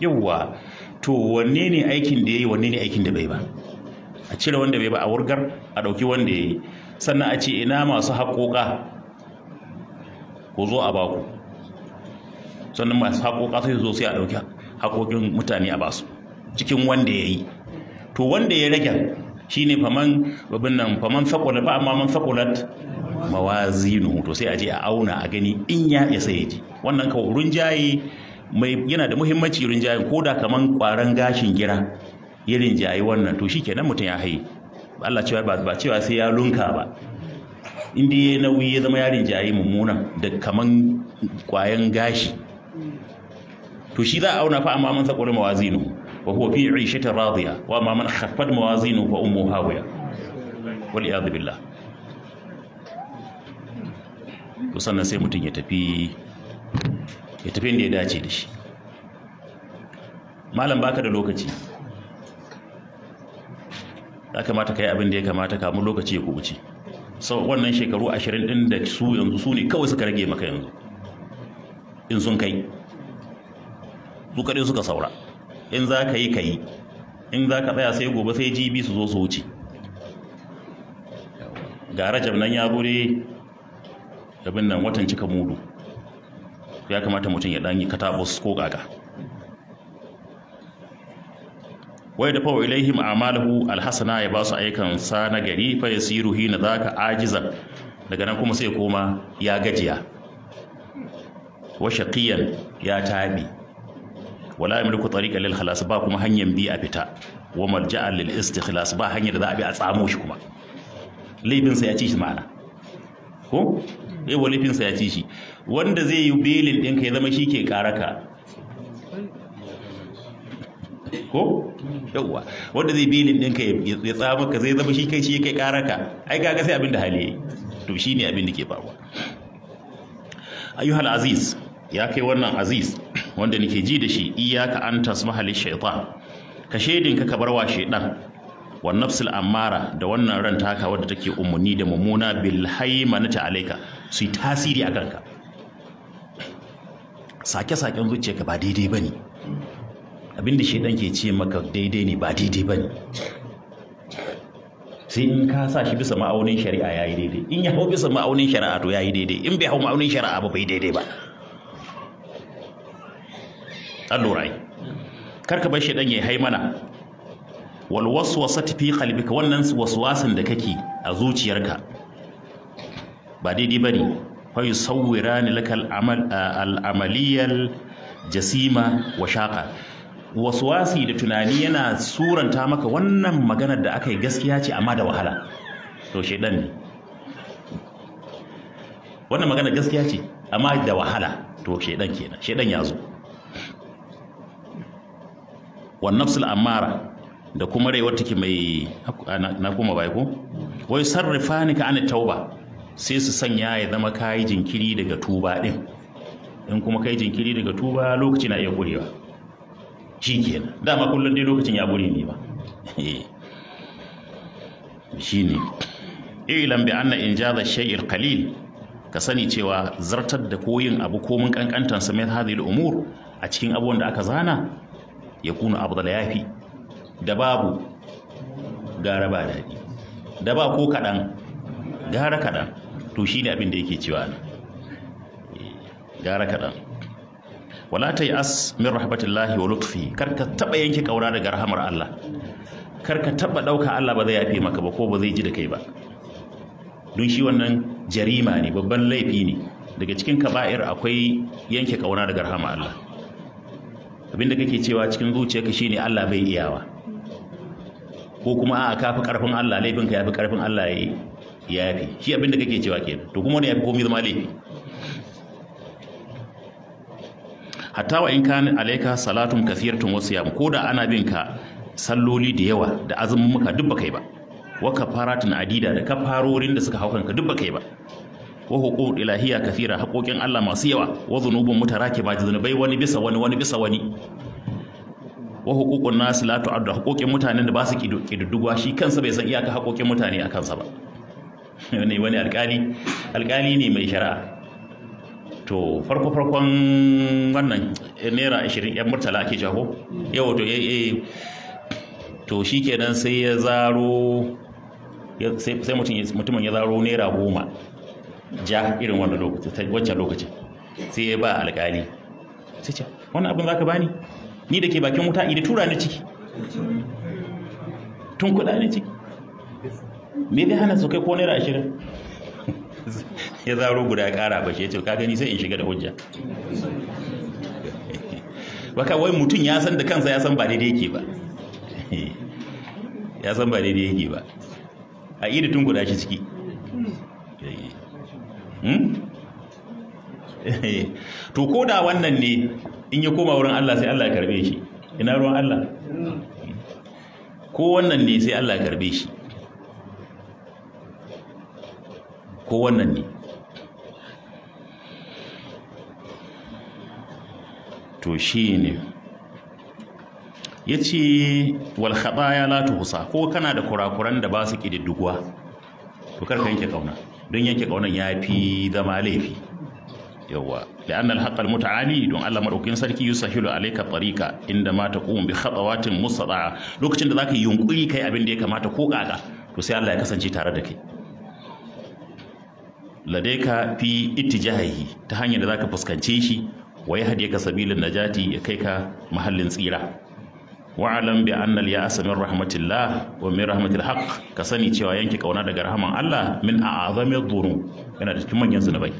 yawwa to wanne ne aikin da ya yi wanne ne aikin da bai ba a cire wanda bai ba a wurgar a ɗauki wanda ya yi sannan a ce ina masu haƙoƙa ku zo a baku sannan masu haƙoƙa sai zo sai a ɗauki haƙoƙin mutane a basu cikin wanda ya yi to wanda ya rage shi ne faman babin nan faman faƙulat ba amma man faƙulat mawazinu to sai a je a auna a gani in ya isa ya ji wannan kawai rinjaye mai yana da muhimmanci rinjaye ko da kaman ƙwaron gashin gira ya rinjayi wannan to shi nan mutum ya haye Allah cewa ba cewa sai ya lunka ba Inda ya nauyi ya zama yarin jayi mummuna. da kaman kwayan gashi to shi za a auna fa amma man sakwar mawazinu wa huwa fi 'ishati radiya wa amma man khaffat mawazinu fa ummu hawiya wal iyad billah to sannan sai mutum ya tafi ya tafi inda ya dace da shi malam baka da lokaci ya kamata ka yi abin da ya kamata kamun lokaci ya kubuce sau wannan shekaru ashirin ɗin da su yanzu su ne kawai suka rage maka yanzu in sun kai su kaɗai suka saura in za ka yi ka yi in za ka tsaya sai gobe sai jibi su zo su wuce ga rajab nan ya bude abin nan watan cika mudu ya kamata mutum ya ɗan yi katabus ko ƙaƙa wai da fawo ilaihim amalahu alhasana ya ba su ayyukan sa na gari fa yasiru hina zaka ajiza daga nan kuma sai koma ya gajiya wa shaqiyan ya tabi wala yamliku tariqan lil khalas ba kuma hanyar bi a fita wa marja'a lil istikhlas ba hanyar da za a bi a tsamo shi kuma laifin sa ya ci shi ma'ana ko eh wa laifin sa ya ci shi wanda zai yi belin ɗinka ya zama shi ke karaka ko yawwa wanda zai bi bilin ɗinka ya tsama ka zai zama shi kai shi kai karaka ai kaga sai abin da hali ya yi. to shi ne abin da ke faruwa ayyuhal aziz ya kai wannan aziz wanda nake ji da shi iyaka an tasma halin shaitan ka shaidin ka kabarwa shaidan wa nafsul amara da wannan ran taka wadda take umuni da mummuna bil nata alayka su tasiri a kanka sake-saken zuciyarka ba daidai bane abin da shaidan ke ce maka daidai ne ba daidai ba ne sai in ka sa shi bisa ma'aunin shari'a ya yi daidai in ya hau bisa ma'aunin shari'a to ya yi daidai in bai hau ma'aunin shari'a ba bai daidai ba an lura yi karka bar shaidan ya hai mana wal waswasa fi qalbika wannan waswasan da kake a zuciyarka ba daidai ba ne fa yusawwirani lakal amal al-amaliyal jasima wa shaqa Wasuwasi da tunani yana suranta maka wannan maganar da aka yi gaskiya ce amma da wahala to shaidan ne wannan maganar gaskiya ce amma da wahala to shaidan kenan shaidan ya zo wannan nafsul amara da kuma rai wata ke mai na kuma bai ko wai sarrafa ni ka ana tauba sai su sanya ya zama kayi jinkiri daga tuba din in kuma kai jinkiri daga tuba lokaci na iya kurewa shi kenan dama kullum dai lokacin ya gure ne ba eh. shi ne ilan bi anna injaza shay'il qalil ka sani cewa zartar da koyin abu ko mun kankantan sa mai hadhihi al'umur a cikin abubuwan da aka zana ya abu da yafi da babu gara ba daɗi da ba ko kadan gara kadan to shine abin da yake cewa eh, gara kaɗan wala ta yi as min rahmatillahi wa lutfi kar ka taba yanke ƙauna daga rahamar Allah kar ka taba dauka Allah ba zai yafe maka ba ko ba zai ji da kai ba don shi wannan jarima ne babban laifi ne daga cikin kaba'ir akwai yanke kauna daga rahama Allah abinda kake cewa cikin zuciyarka shine Allah bai iyawa ko kuma a kafi karfin Allah laifinka ya yafi karfin Allah ya yafi shi abinda kake cewa kenan to kuma ne yafi komai zama laifi hatta wa in kana alaika salatun kathiratun wasu siyam ko da ana bin ka salloli da yawa da muka duk ba kai ba wa kafaratun adida da kafarorin da suka haukanka duk ba kai ba wa huquq ilahiyya kathira haƙoƙin Allah masu yawa wa dhunubun mutarakiba zunubai wani bisa wani wani bisa wani wa huququn nas la tu'addu haƙoƙin mutanen da ba su kididdigwa shi kansa bai san iyaka haƙoƙin mutane a kansa ba <laughs> wani wani alƙali alƙali ne mai shari'a to farko farkon wannan eh, naira ashirin yan murtala ake jago yau to yi eh, eh, to shi kenan sai ya zaro sai mutumin ya zaro naira goma ja irin wannan lokacin wancan lokacin sai ya ba alkali sai ce wannan abin ka bani ni da ke bakin wuta idan tura ni ciki tun kuɗa ni ciki me zai hana su kai ko naira ashirin ya zaro guda kara ba shi ya ce ka gani sai in shiga da hujja baka wai mutum ya san da kansa ya san ba daidai yake ba ya san ba daidai yake ba a iri tun guda shi ciki hmm? to ko da wannan ne in ya koma wurin Allah sai Allah ya karbe shi ina ruwan Allah ko wannan ne sai Allah ya karbe shi ko wannan ne to shi ne ya ce walhaɗa ya latu husa ko kana da kurakuran da ba su ƙididdiguwa to karka yanke ƙauna don yanke ƙaunan ya fi zama laifi haƙar yawa allah الحق المتعالي yusa الله مدوكين سركي tsarika عليك طريقة عندما bi بخطوات مستطاعة lokacin da zaka yunkuri kai abin da ya kamata ko kaka to sai Allah ya kasance tare da kai ladaika fi ittijahihi ta hanyar da zaka fuskance shi wa yahdika sabilin najati ya kai ka mahallin tsira alam bi anna al-ya'sa min rahmatillah wa min rahmatil haqq ka sani cewa yanke kauna daga rahaman Allah min a'azami dhunub yana da cikin manyan zunubai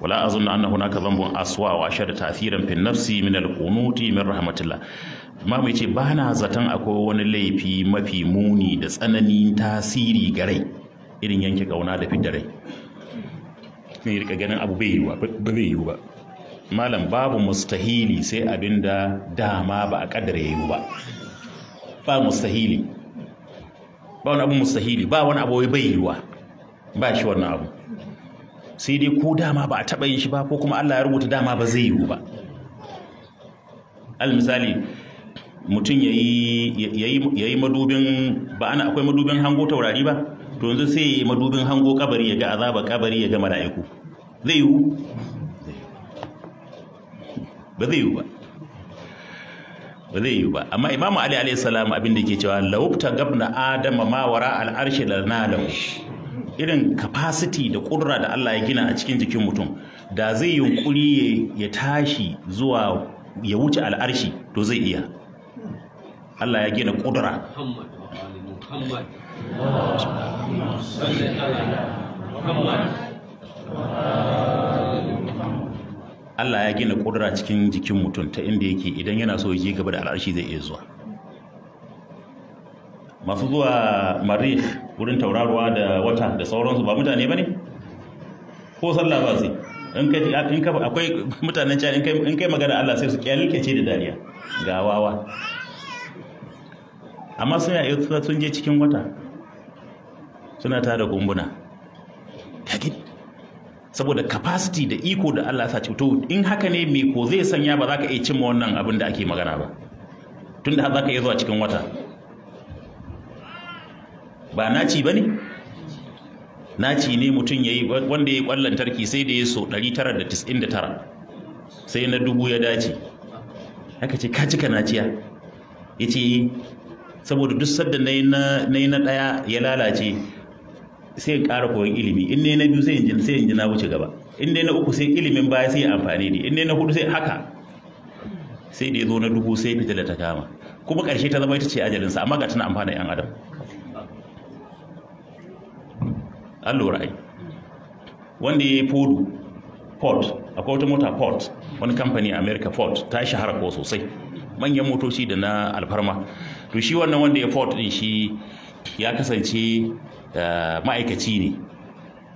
wala azunna anna hunaka dhanbun aswa wa ashad ta'thiran fi nafsi min al-qunuti min rahmatillah mai ce ba na zaton akwai wani laifi mafi muni da tsananin tasiri ga rai irin yanke ƙauna da fidda rai ne rika ganin abu bai yiwu ba zai yiwu ba malam babu mustahili sai abin da dama ba a kadar yiwu ba ba mustahili ba wani abu mustahili ba wani abu bai yiwu ba shi wannan abu sai dai ko dama ba a taɓa yin shi ba ko kuma Allah ya rubuta dama ba zai yiwu ba al misali mutum ya yi madubin ba ana akwai madubin hango taurari ba to yanzu sai yi madubin hango kabari ya ga azaba kabari ya ga mala'iku zai yiwu ba zai yiwu ba ba zai yiwu ba amma imamu ali alayhi salam abin da ke cewa laubta gabna adama ma wara al'arshi da nalau irin capacity da ƙudura da Allah ya gina a cikin jikin mutum da zai yunkuri ya tashi zuwa ya wuce al'arshi to zai iya Allah ya gina ƙudura Allah ya gina kudura cikin jikin mutum ta inda yake idan yana so ya gaba da al'arshi zai iya zuwa masu zuwa Marif wurin tauraruwa da wata da sauransu ba mutane ba ne ko sallah ba su in kai akwai mutanen can in kai magana Allah sai su ce da dariya ga wawa amma suna iya sun je cikin wata suna tada gumbuna. Yakin? saboda capacity da iko da Allah sa to in haka ne me ko zai sanya ba za ka iya cimma wannan abin da ake magana ba tunda har za ka iya zuwa cikin wata ba naci ba ne naci ne mutum ya wanda ya yi ƙwallon tarki sai da ya so 999 sai na dubu ya dace aka ce ka cika naciya ya ce eh. saboda duk sadda na yi na ɗaya ya lalace sai in ƙara koyon ilimi in ne na biyu sai in sai in ji na wuce gaba in ne na uku sai ilimin baya sai amfani ne in ne na hudu sai haka sai da ya zo na dubu sai fitila ta kama kuma ƙarshe ta zama ita ce sa amma ga tana amfana yan adam an lura wanda ya yi fodu port akwai wata mota port wani kamfani a america port ta shahara ko sosai manyan motoci da na alfarma to shi wannan wanda ya port din shi ya kasance ma'aikaci ne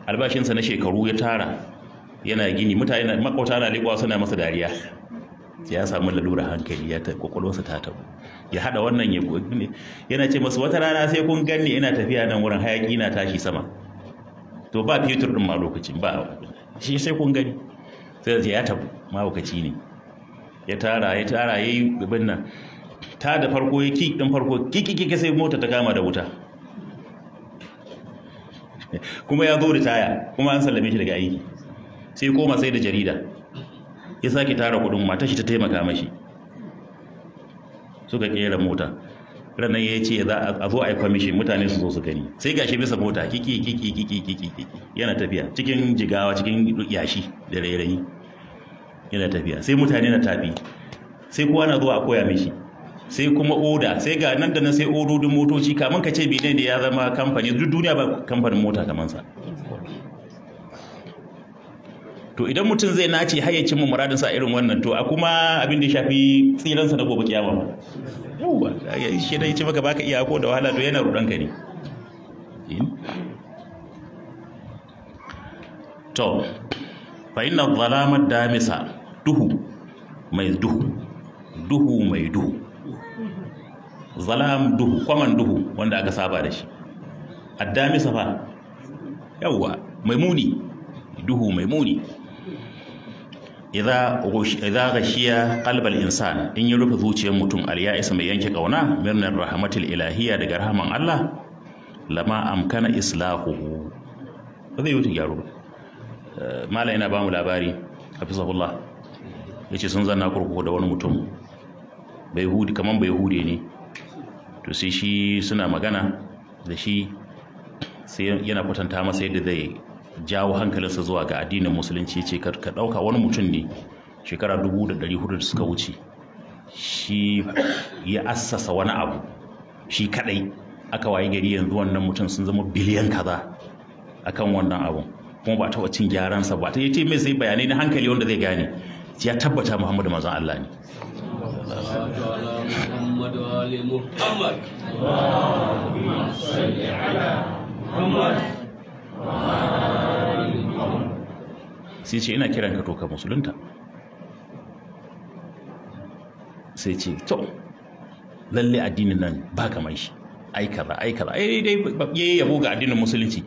albashinsa na shekaru ya tara yana gini mutane na, makwata na leƙwa suna masa dariya ya samu lalura hankali ya ta kwakwalwarsa ta tabu ya hada wannan ya ne yana ce masu wata rana sai kun ganni ina tafiya nan wurin hayaki na tashi sama to ba fetur din ma lokacin ba shi sai kun gani sai ya tabu mahaukaci ne ya tara ya tara yayi bin nan ta da farko ya ki din farko kiki kiki sai mota ta kama da wuta <laughs> kuma ya zo ritaya kuma an sallame shi daga aiki sai koma sai da jarida ya sake tara kudin mata shi ta taimaka mashi suka kera mota ranar ya ce za a zo a yi kwamishin mutane su zo su gani sai gashi bisa mota kiki kiki kiki kiki yana tafiya cikin jigawa cikin yashi da rairayi yana tafiya sai mutane na tafi sai kowa na zuwa a koya mishi sai kuma oda sai ga nan da nan sai ododin motoci kamun ka ce bine da ya zama kamfani duk duniya ba kamfanin mota kamar sa to idan mutum zai nace hayyacin mu muradin sa irin wannan to a kuma abin da ya shafi tsiran sa na gobe kiyama ba yawa shi da ce maka baka iya ko da wahala to yana rudan ka ne eh? to fa inna dhalama damisa duhu mai duhu duhu mai duhu zalam duhu kwaman duhu wanda aka saba da shi addami safa yawwa mai muni duhu mai muni idza ghashiya qalbal insan in yi rufe zuciyar mutum isa mai yanke kauna mirnar rahmatil ilahiyya daga rahman Allah lama amkana islahuhu ba zai wuce gyaro eh, mala ina bamu labari hafizahullah yace sun zanna kurkuku da wani mutum bai hudi kaman bai hude ne to sai shi suna magana da shi sai yana kwatanta masa yadda zai jawo hankalinsa zuwa ga addinin musulunci ce ka ɗauka wani mutum ne shekara dubu da dari hudu da suka wuce shi ya assasa wani abu shi kaɗai aka waye gari yanzu wannan mutum sun zama biliyan kaza akan wannan abun kuma ba taɓa cin gyaransa ba ta yi mai sai bayanai na hankali wanda zai gane ya tabbata muhammadu manzon allah ne محمد وآل محمد اللهم صل على محمد sai ce ina kiran ka toka musulunta sai ce to lalle addinin nan ba kamar shi ai kaza ai kaza ai dai yayi yabo ga addinin musulunci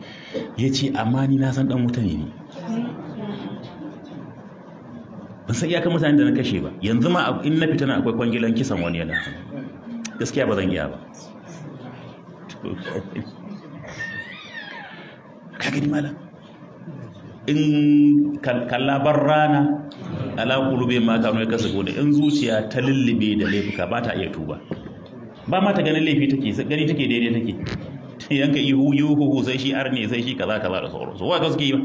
yace amma ni na san dan mutane ne ban san iyakar mutane da na kashe ba yanzu ma in na fita na akwai kwangilan kisan wani yana gaskiya ba zan iya ba ka gani malam in kallabar rana ala kulube ma kano ya kasa gode in zuciya ta lullube da laifuka ba ta iya tuba ba ma ta ganin laifi take gani take daidai take yanka ihu yuhu sai shi arne sai shi kaza kaza da sauransu wa ka suke ba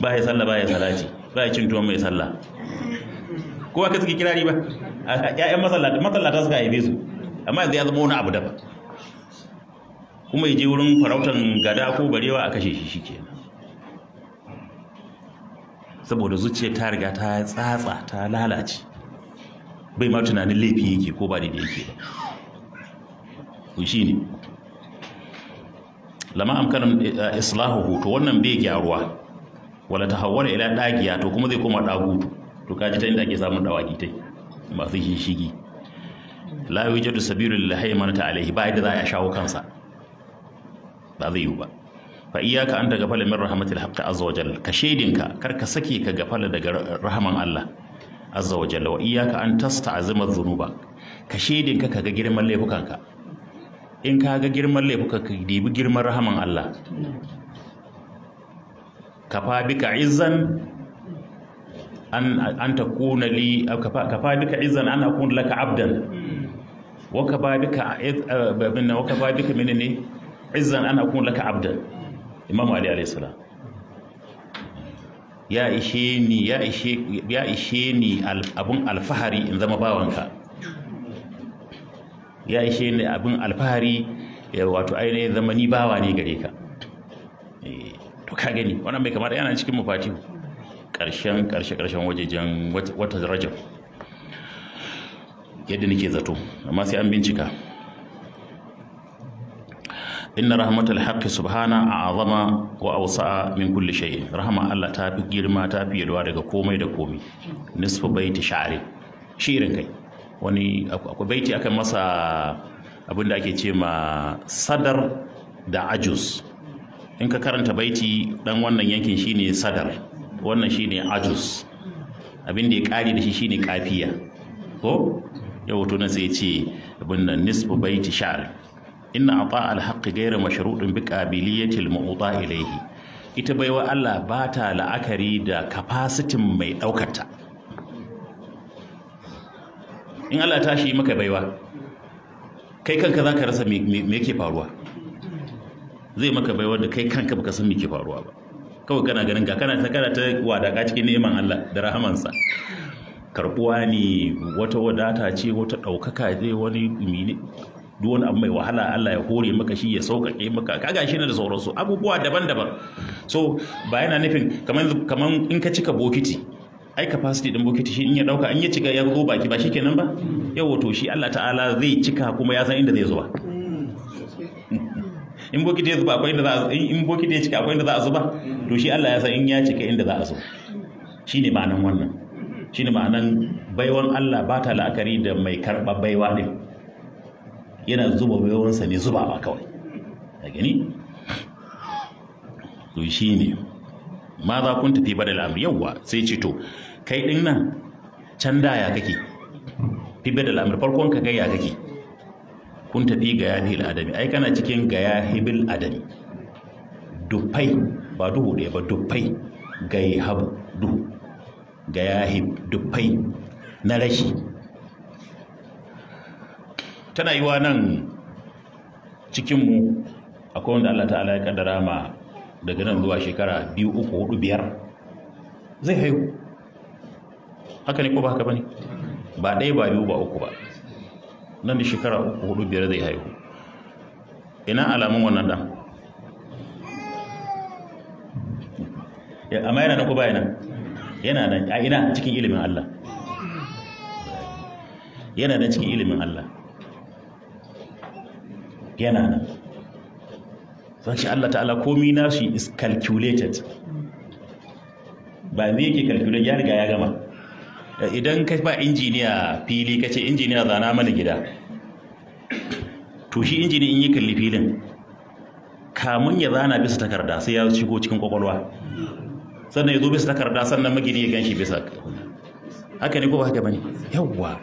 ba ya salla, ba ya salati ba ya cin tuwon mai salla. kowa ka suke kirari ba ƴaƴan masallata masallata suka haife su amma yanzu ya zama wani abu daban kuma ya je wurin farautan gada ko barewa a kashe shi shikenan saboda zuciya ta riga ta tsatsa ta lalace bai ma tunanin laifi yake ko ba daidai yake ba shi ne lama amkanin eh, islahu to wannan bai gyaruwa wala ta hawara ila dagiya to kuma zai koma dagu to kaji ta inda ake samun dawaki tai masu shishigi la yujadu sabilul a alaihi ba yadda za a shawo kansa ba zai yiwu ba fa ka an daga min rahamatul haqqi azza wa ka shaidinka kar ka sake ka gafala daga rahaman Allah azza wa jalla wa iyyaka an tasta'zima dhunuba ka shaidinka ka ga girman laifukanka in ka ga girman laifuka ka dibi girman rahaman Allah ka fa bika izan an an takuna li ka fa bika izan an akuna laka abdan waka ba bika babin eh, eh, waka ba bika izzan ana kun laka abdan imam ali alayhi salam ya ishe ni ya ishe ya ishe ni abun alfahari in zama bawanka ya ishe ni abun alfahari wato ainihin zama ni bawa ne gare ka eh, to ka gani wannan bai kamata yana cikin mafatihu karshen karshe karshen wajejen wata rajab yadda nake zato amma sai an bincika inna rahmatul haqqi subhana azama wa awsa'a min kulli shay rahma Allah ta fi girma ta fi yalwa daga komai da komai nisfu baiti sha'ri shirin kai wani akwai baiti akan masa abinda ake ce ma sadar da ajus in ka karanta baiti dan wannan yankin shine sadar wannan shine ajus Abinda ya kare da shi shine kafiya ko yau to na sai ce abin nan nisbu baiti shar inna ata alhaqi gaira mashrudin bi qabiliyati almu'ta ilayhi ita baiwa Allah ba ta la'akari da kafasitin mai ɗaukata in Allah ta shi maka baiwa kai kanka za ka rasa me ke faruwa zai maka baiwa da kai kanka baka san me ke faruwa ba kawai kana ganin ga kana ta kana ta wadaka cikin neman Allah da rahamansa karbuwa ne wata wadata ce wata ɗaukaka zai wani mini duk wani abu mai wahala Allah ya hore maka shi ya sauƙaƙe maka kaga shi ne da sauransu abubuwa daban-daban so ba yana nufin kaman in ka cika bokiti ai capacity din bokiti shi in ya dauka in ya cika ya zo baki ba shikenan ba yawa to shi Allah ta'ala zai cika kuma ya san inda zai zuba in bokiti ya zuba akwai inda za a in bokiti ya cika akwai inda za a zuba to shi Allah ya san in ya cika inda za a zuba shine ma'anan wannan shine ma'anan baiwan Allah ba ta la'akari da mai karɓa baiwa ne yana zuba baiwansa ne zuba ba kawai da gani to shi ne ma za kun tafi ba da lamar yawwa sai ce to kai ɗin nan can da ya kake fi ba da lamar farkon ka gaya kake kun tafi ga yahil adami ai kana cikin ga yahil adami dufai ba duhu ɗaya ba dufai ga habu duhu ga yahi dufai na rashi tana yi wa nan cikinmu akwai wanda Allah ta'ala ya kaddara ma daga nan zuwa shekara biyu uku hudu biyar zai haihu haka ne ko ba haka ba ne ba ɗaya ba biyu ba uku ba nan da shekara uku hudu biyar zai haihu ina alamun wannan dan amma yana na ko bayanan yana nan ina cikin ilimin Allah yana nan cikin ilimin Allah yana nan zan shi Allah ta'ala komi nashi is calculated ba zai yake calculated ya riga ya gama idan ka ba injiniya fili ka ce injiniya zana mana gida to shi injini in yi kalli filin kamun ya zana bisa takarda sai ya shigo cikin kwakwalwa sannan ya zo bisa takarda sannan magini ya ganshi bisa haka ne ko ba haka bane yawwa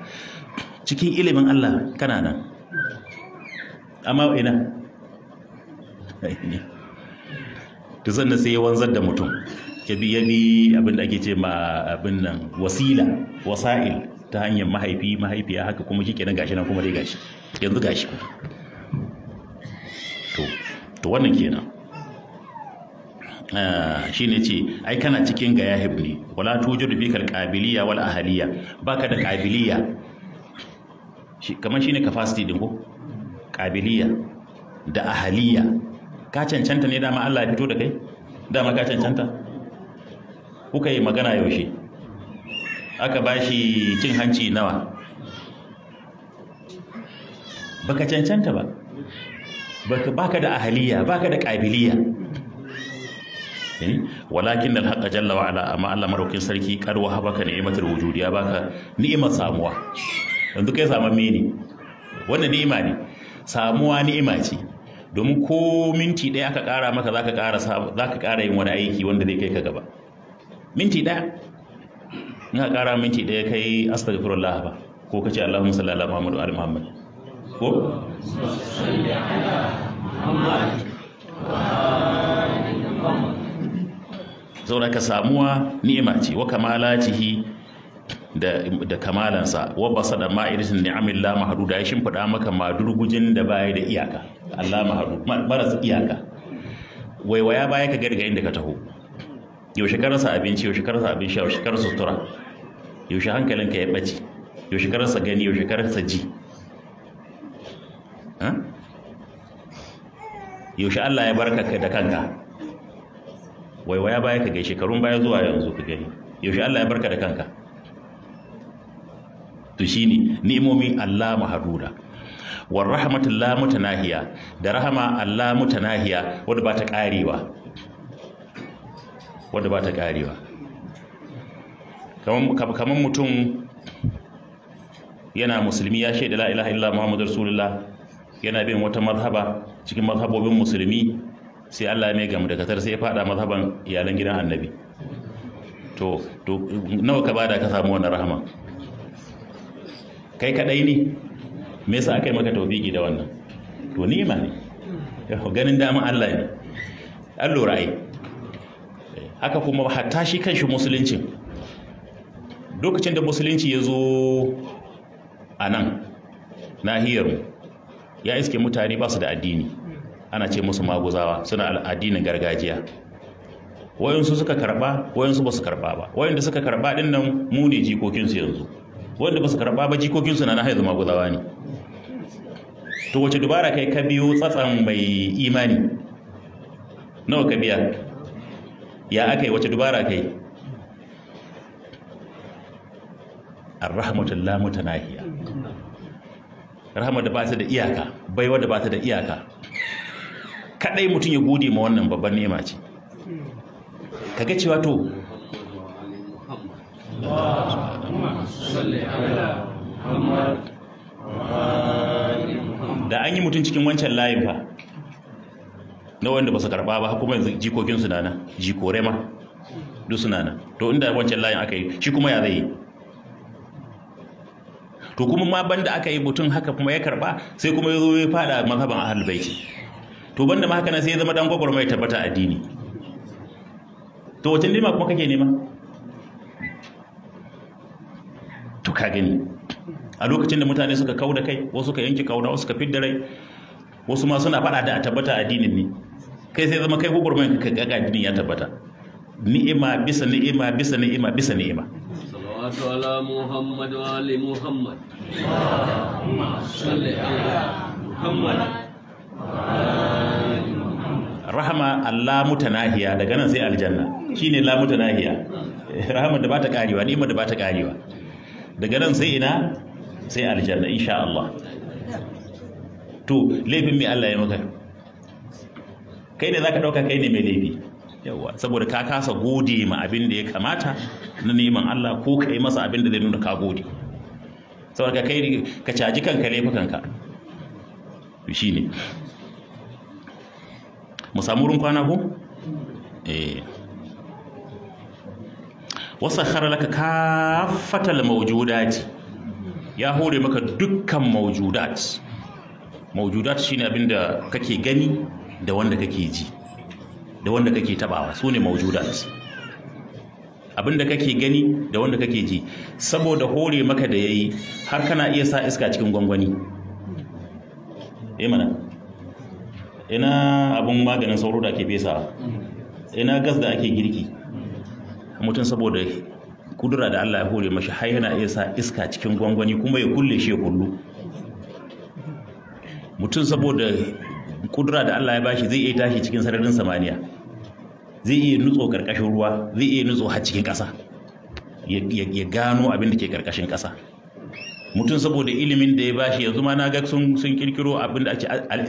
cikin ilimin Allah kana nan amma ina to sannan sai ya wanzar da mutum ya bi yani abin da ake ce ma abin nan wasila wasa'il ta hanyar mahaifi mahaifiya haka kuma shi kenan gashi nan kuma dai gashi yanzu gashi to to wannan kenan Ah, shi ne ce ai kana cikin ga yahib ne wala tujur bika qabiliya wal ahaliya baka da qabiliya shi kamar shine capacity din ko qabiliya da ahaliya ka cancanta ne dama Allah ya fito da kai dama ka cancanta kuka yi magana yaushe aka bashi cin hanci nawa baka cancanta ba baka da ahaliya baka da qabiliya aka yi walakin dal haqqa jalla wa ala amma Allah madaukin sarki kar wa habaka ni'matul wujud ya baka ni'imar samuwa yanzu kai samu mene wannan ni'ima ne samuwa ni'ima ce domin ko minti ɗaya aka ƙara maka zaka ƙara zaka ƙara yin wani aiki wanda zai kai ka gaba minti ɗaya in ka ƙara minti ɗaya kai astaghfirullah ba ko kace Allahumma salli ala Muhammad wa ali Muhammad ko salli ala Muhammad wa ali Muhammad zauna ka samuwa ni'ima ce wa kamalatihi da da kamalansa wa basada ma'irisin ni'amil la da ya shimfida maka madurgujin da baya da iyaka Allah mahdud maras iyaka waiwaya baya ka garga inda ka taho yaushe ka rasa abinci yaushe ka rasa abin sha yaushe ka rasa sutura yaushe hankalinka ya bace yaushe ka rasa gani yaushe ka rasa ji yaushe Allah ya barka da kanka waiwaya baya ka gai shekarun baya zuwa yanzu ka gani yaushe Allah ya barka da kanka to shine ni'imomi Allah mahaduda war rahmatul la mutanahiya da rahama Allah mutanahiya wanda ba ta karewa wanda ba ta karewa kaman mutum yana musulmi ya shaida la ilaha illa muhammadur rasulullah yana bin wata marhaba cikin marhabobin musulmi sai Allah ya mai gamu da katar sai ya fada mazhaban iyalan gidan annabi to to nawa ka bada ka samu wannan rahama kai kadai ne me yasa aka yi maka tawfiki da wannan to ma ne ganin dama Allah ne an lura ai haka kuma hatta shi kanshi musulunci lokacin da musulunci ya zo a nan nahiyar ya iske mutane ba su da addini ana ce musu maguzawa suna addinin gargajiya wayansu suka karba wayansu ba su karba ba wayanda suka karba din nan mu ne jikokinsu yanzu wanda ba su karba ba jikokinsu na na haizu maguzawa ne to wace dubara kai ka biyo tsatsan mai imani nawa ka biya ya aka yi wace dubara kai arrahmatullah mutanahiya rahmat da ba ta da iyaka baiwa da ba ta da iyaka kadai mutum ya gode ma wannan babban ni'ima ce kaga cewa to da an yi mutum cikin wancan layin fa na wanda ba su karba ba kuma yanzu jikokin su nana jikore ma duk suna nan to inda wancan layin aka yi shi kuma ya zai yi to kuma ma banda aka yi mutum haka kuma ya karba sai kuma ya zo ya fada mazhaban ahlul baiti to banda ma haka nan sai ya zama dan gwagwarmaya tabbata addini to wacce nema kuma kake nema to ka gani a lokacin da mutane suka kau da kai wasu ka yanke kauna wasu ka fidda rai wasu ma suna faɗa da a tabbata addinin ne kai sai zama kai gwagwarmayan ka ga addinin ya tabbata ni'ima bisa ni'ima bisa ni'ima bisa ni'ima salawatu ala muhammad wa ali muhammad allahumma salli ala muhammad rahama Allah mutanahiya daga nan sai aljanna shine la mutanahiya rahama da bata karewa ni'ima da bata karewa daga nan sai ina sai aljanna insha Allah to laifin me Allah ya maka kai ne zaka dauka kai ne mai laifi yawa saboda ka kasa gode ma abin da ya kamata na neman Allah ko kai masa abin da zai nuna ka gode saboda kai ka caji kanka laifukanka shine mu samu wurin kwana ko eh wasakhara laka kaffatal mawjudat ya hore maka dukkan mawjudat mawjudat shine abin kake gani da wanda kake ji da wanda kake tabawa sune mawjudat abin kake gani da wanda kake ji saboda hore maka da yayi har kana iya sa iska cikin gwangwani eh mana ina abin maganin sauro da ake fesa ina gas da ake girki mutum saboda kudura da Allah ya hore mashi har yana iya sa iska cikin gwangwani kuma ya kulle shi ya kullu mutum saboda kudura da Allah ya bashi zai iya tashi cikin sararin samaniya zai iya nutso karkashin ruwa zai iya nutso har cikin ƙasa ya gano abin da ke karkashin ƙasa mutum saboda ilimin da ya bashi yanzu ma na ga sun kirkiro abin da ake al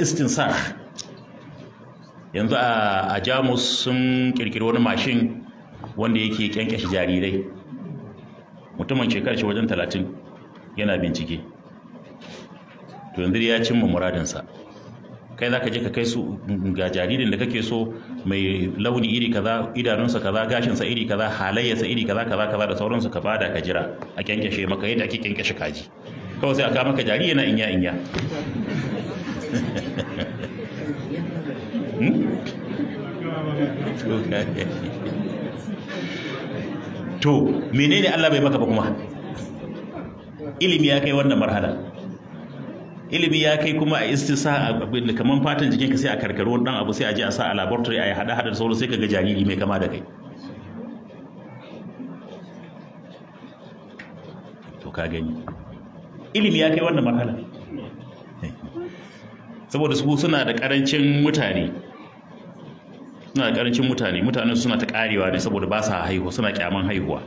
yanzu a Jamus sun kirkiro wani mashin wanda yake kyankyashi jarirai mutumin shekarar shi wajen talatin yana bincike to yanzu ya cimma muradinsa kai za ka je ka kai su ga jaririn da kake so mai launi iri kaza idanunsa kaza gashinsa iri kaza halayyarsa iri kaza kaza kaza da sauransu ka bada ka jira a kyankyashe maka yadda ake kyankyashe kaji kawai sai a kama ka jari yana inya inya <laughs> hmm? <laughs> to menene Allah bai maka ba kuma ilimi ya kai wannan marhala ilimi ya kai kuma a istisa kamar fatan jikin ka sai a karkari wani dan abu sai a je a sa a laboratory a yi hada hada sauran sai ka ga jariri mai kama da kai to ka gani ilimi ya kai wannan matsala saboda su suna da karancin mutane suna da karancin mutane mutanen suna ta karewa ne saboda ba sa haihuwa suna kyaman haihuwa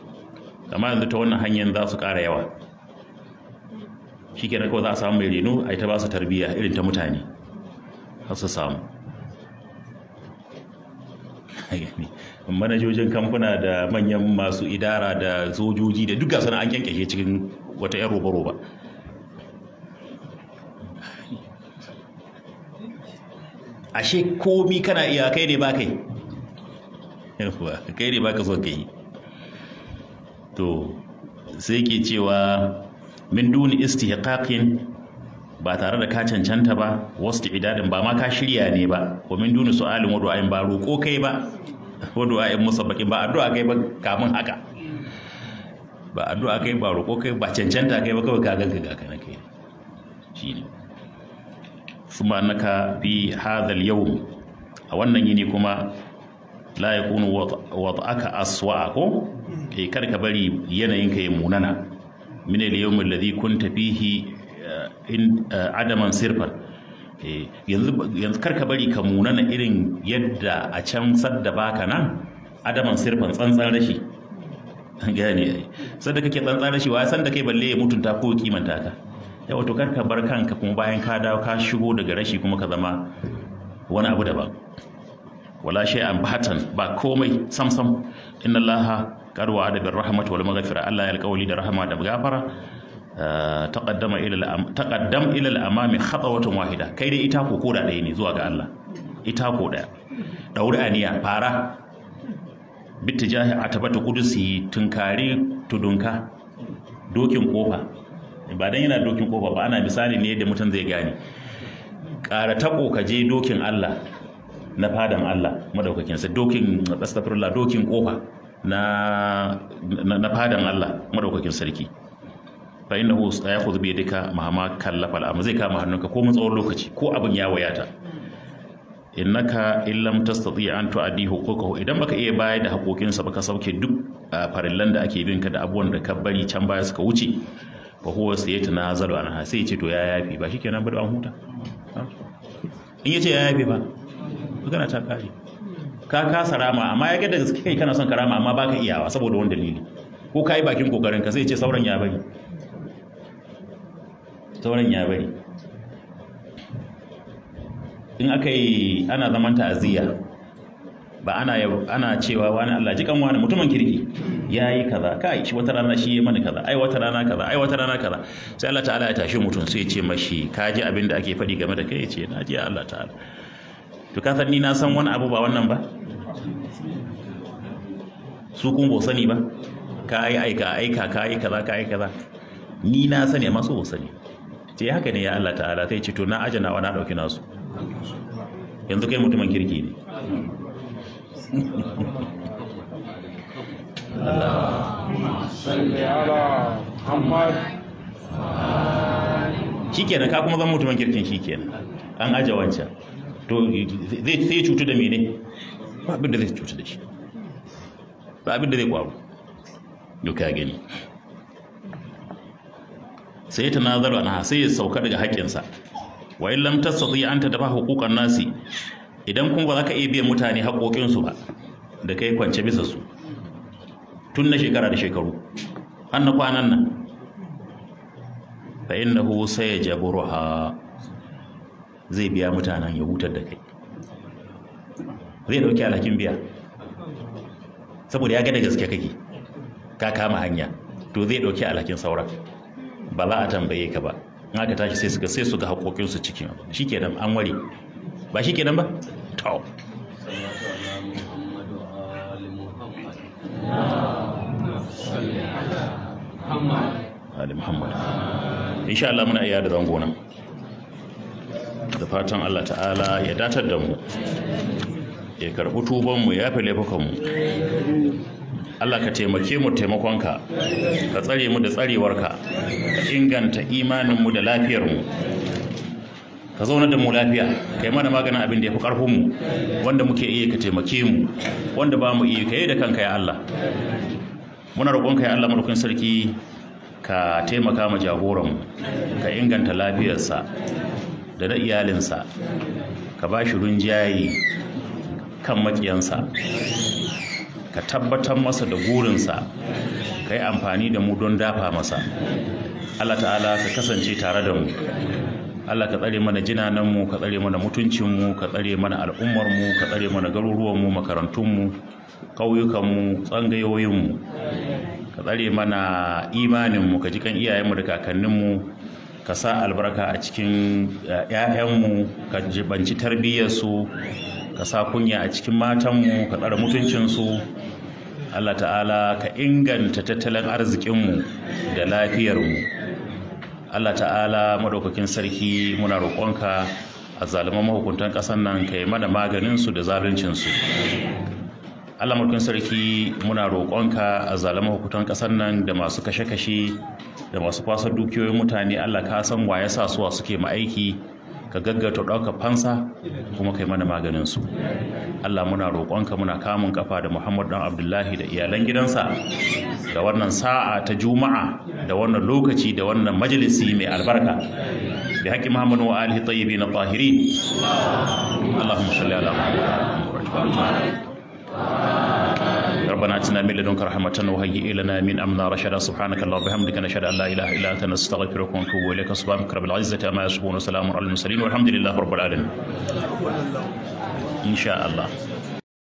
amma yanzu ta wannan hanyar za su kara yawa shi ke kawai za a samu mai reno a ta ba su tarbiyya irin ta mutane za su samu <laughs> manajojin kamfuna da manyan masu idara da sojoji da duk na an kyankyashe cikin wata 'yan roba-roba ashe komi kana iya kai ne ba kai kai ne ba ka so ka yi to sai ke cewa min duni istihqaqin ba tare da ka cancanta ba wasu idadin ba ma ka shirya ne ba ko min duni su'alin wa du'a'in ba roƙo kai ba wa du'a'in musabbakin ba addu'a kai ba kamun haka ba addu'a kai ba roƙo kai ba cancanta kai ba kawai ka ganka ga kana kai shine suma ka bi hadal yau yawm a wannan yini kuma la yakunu wad'aka aswa ko kai eh, kar ka bari yanayinka ya munana min al-yawm alladhi kunta fihi eh, eh, adaman sirfan eh, yanzu karka bari ka munana irin yadda a can sadda baka nan adaman sirfan tsantsan rashi gane sadda kake tsantsan rashi wa san da kai balle ya mutunta ko kimanta ka yawa to karka bar kanka kuma bayan ka dawo ka shigo daga rashi kuma ka zama wani abu daban wala shay'an bahatan ba komai samsam inna allaha karwa adabin rahmat wal maghfira Allah ya alƙawli da rahama da gafara eh, taqaddama ila taqaddam ila al-amami khatawatan wahida kai dai ita ko koda ɗaya ne zuwa ga Allah ita ko ɗaya dauri aniya fara bitijahi Atabatu qudusi tunkari tudunka dokin kofa ba dan yana dokin kofa ba ana misali ne da mutum zai gane ƙara taƙo ka je dokin Allah na fadan Allah madaukakin sa dokin astaghfirullah dokin kofa na fadan Allah madaukakin sarki fa hu yakhudhu bi yadika mahama kallafa al'amr zai kama hannunka ko mun tsawon lokaci ko abin ya wayata innaka illam tastati an tu'addi huquqahu idan baka iya bayar da haƙoƙinsa baka sauke duk farillan da ake binka da abubuwan da ka bari can baya suka wuce fa huwa sayatanazalu anha sai ce to ya yafi ba shikenan ba da an huta in yace ya yafi ba kana ta kare ka kasa rama amma ya ga da gaske kai kana son ka rama amma baka iyawa saboda wani dalili ko kai bakin kokarin ka sai ce sauran ya bari sauran ya bari in aka yi ana zaman ta'aziyya ba ana ana cewa wani Allah ji kan wani mutumin kirki yayi kaza kai shi wata rana shi yayi mani kaza ai wata rana kaza ai wata rana kaza sai Allah ta'ala ya tashi mutum sai ya ce mashi ka ji abin da ake faɗi game da kai ya ce na ji Allah ta'ala to ka san ni na san wani abu ba wannan ba su kun ba sani ba ka yi aika aika ka yi kaza ka yi kaza ni na sani amma su ba sani ce haka ne ya Allah ta'ala sai ce to na ajana wa na dauki nasu yanzu kai mutumin kirki ne shikenan ka kuma zan mutumin kirkin shikenan an aje wancan to zai cutu da mene ba abin da zai cuta da shi ba abin da zai kwaru yau ka gani sai ta nazaru anha sai ya sauka daga haƙƙinsa wa in lam tastati an dafa huquqan nasi idan kuma ba za ka iya biyan mutane haƙoƙinsu ba da kai kwance bisa su tun na shekara da shekaru an na kwanan nan sai jaburu sayajburuha zai biya mutanen ya hutar da kai zai dauki alhakin biya saboda ya gada gaske kake ka kama hanya to zai dauki alhakin saura ba za a tambaye ka ba in aka tashi sai su ga sai su ga hakokin su cikin shikenan an ware ba shikenan ba to Muhammad. Insha Allah muna iya da zango nan. Da fatan Allah ta'ala ya datar da mu. ya karɓi tubanmu ya fi laifukanmu Allah ka taimake mu taimakonka ka tsare mu da tsarewarka ka inganta imaninmu da lafiyarmu ka zauna da mu lafiya kai mana maganin abin da ya fi karfin mu wanda muke iya ka taimake mu wanda ba mu iya ka yi da kanka ya Allah muna roƙonka ya Allah mulkin sarki ka taimaka ma jagoran ka inganta lafiyarsa da na iyalinsa ka ba shi runjaye kan maƙiyansa ka tabbatar masa da gurinsa ka yi amfani da mu don dafa masa allah ta'ala ka kasance tare da mu allah ka tsare mana jinananmu ka tsare mana mutuncinmu ka tsare mana al'ummarmu ka tsare mana garuruwanmu makarantunmu ƙauyukanmu tsangayoyinmu ka tsare mana imaninmu ka jikan iyayenmu da kakanninmu ka sa albarka a cikin eh, 'ya'yanmu ka jibanci tarbiyyarsu ka sa kunya a cikin matanmu ka tsara mutuncinsu Allah ta'ala ka inganta tattalin arzikinmu da lafiyarmu Allah ta'ala madaukakin sarki muna roƙonka a zaluman mahukuntan ƙasar nan ka yi mana maganinsu da zaluncinsu Allah mulkin sarki muna roƙonka a zaluman hukutan ƙasar nan da masu kashe-kashe da masu kwasar dukiyoyin mutane Allah ka san wa ya sa suwa suke ma'aiki ka gaggauta ɗaukar fansa kuma kai mana maganin su Allah muna roƙonka muna kamun kafa da Muhammad dan Abdullahi da iyalan gidansa da wannan sa'a ta Juma'a da wannan lokaci da wannan majalisi mai albarka bi haƙi Muhammad wa alihi tayyibin tahirin Allahumma salli ala Muhammad ربنا اتنا من لدنك رحمة وهيئ لنا من امرنا رشدا سبحانك اللهم وبحمدك نشهد ان لا اله الا انت نستغفرك ونتوب اليك سبحانك رب العزة ما يصفون وسلام على المرسلين والحمد لله رب العالمين ان شاء الله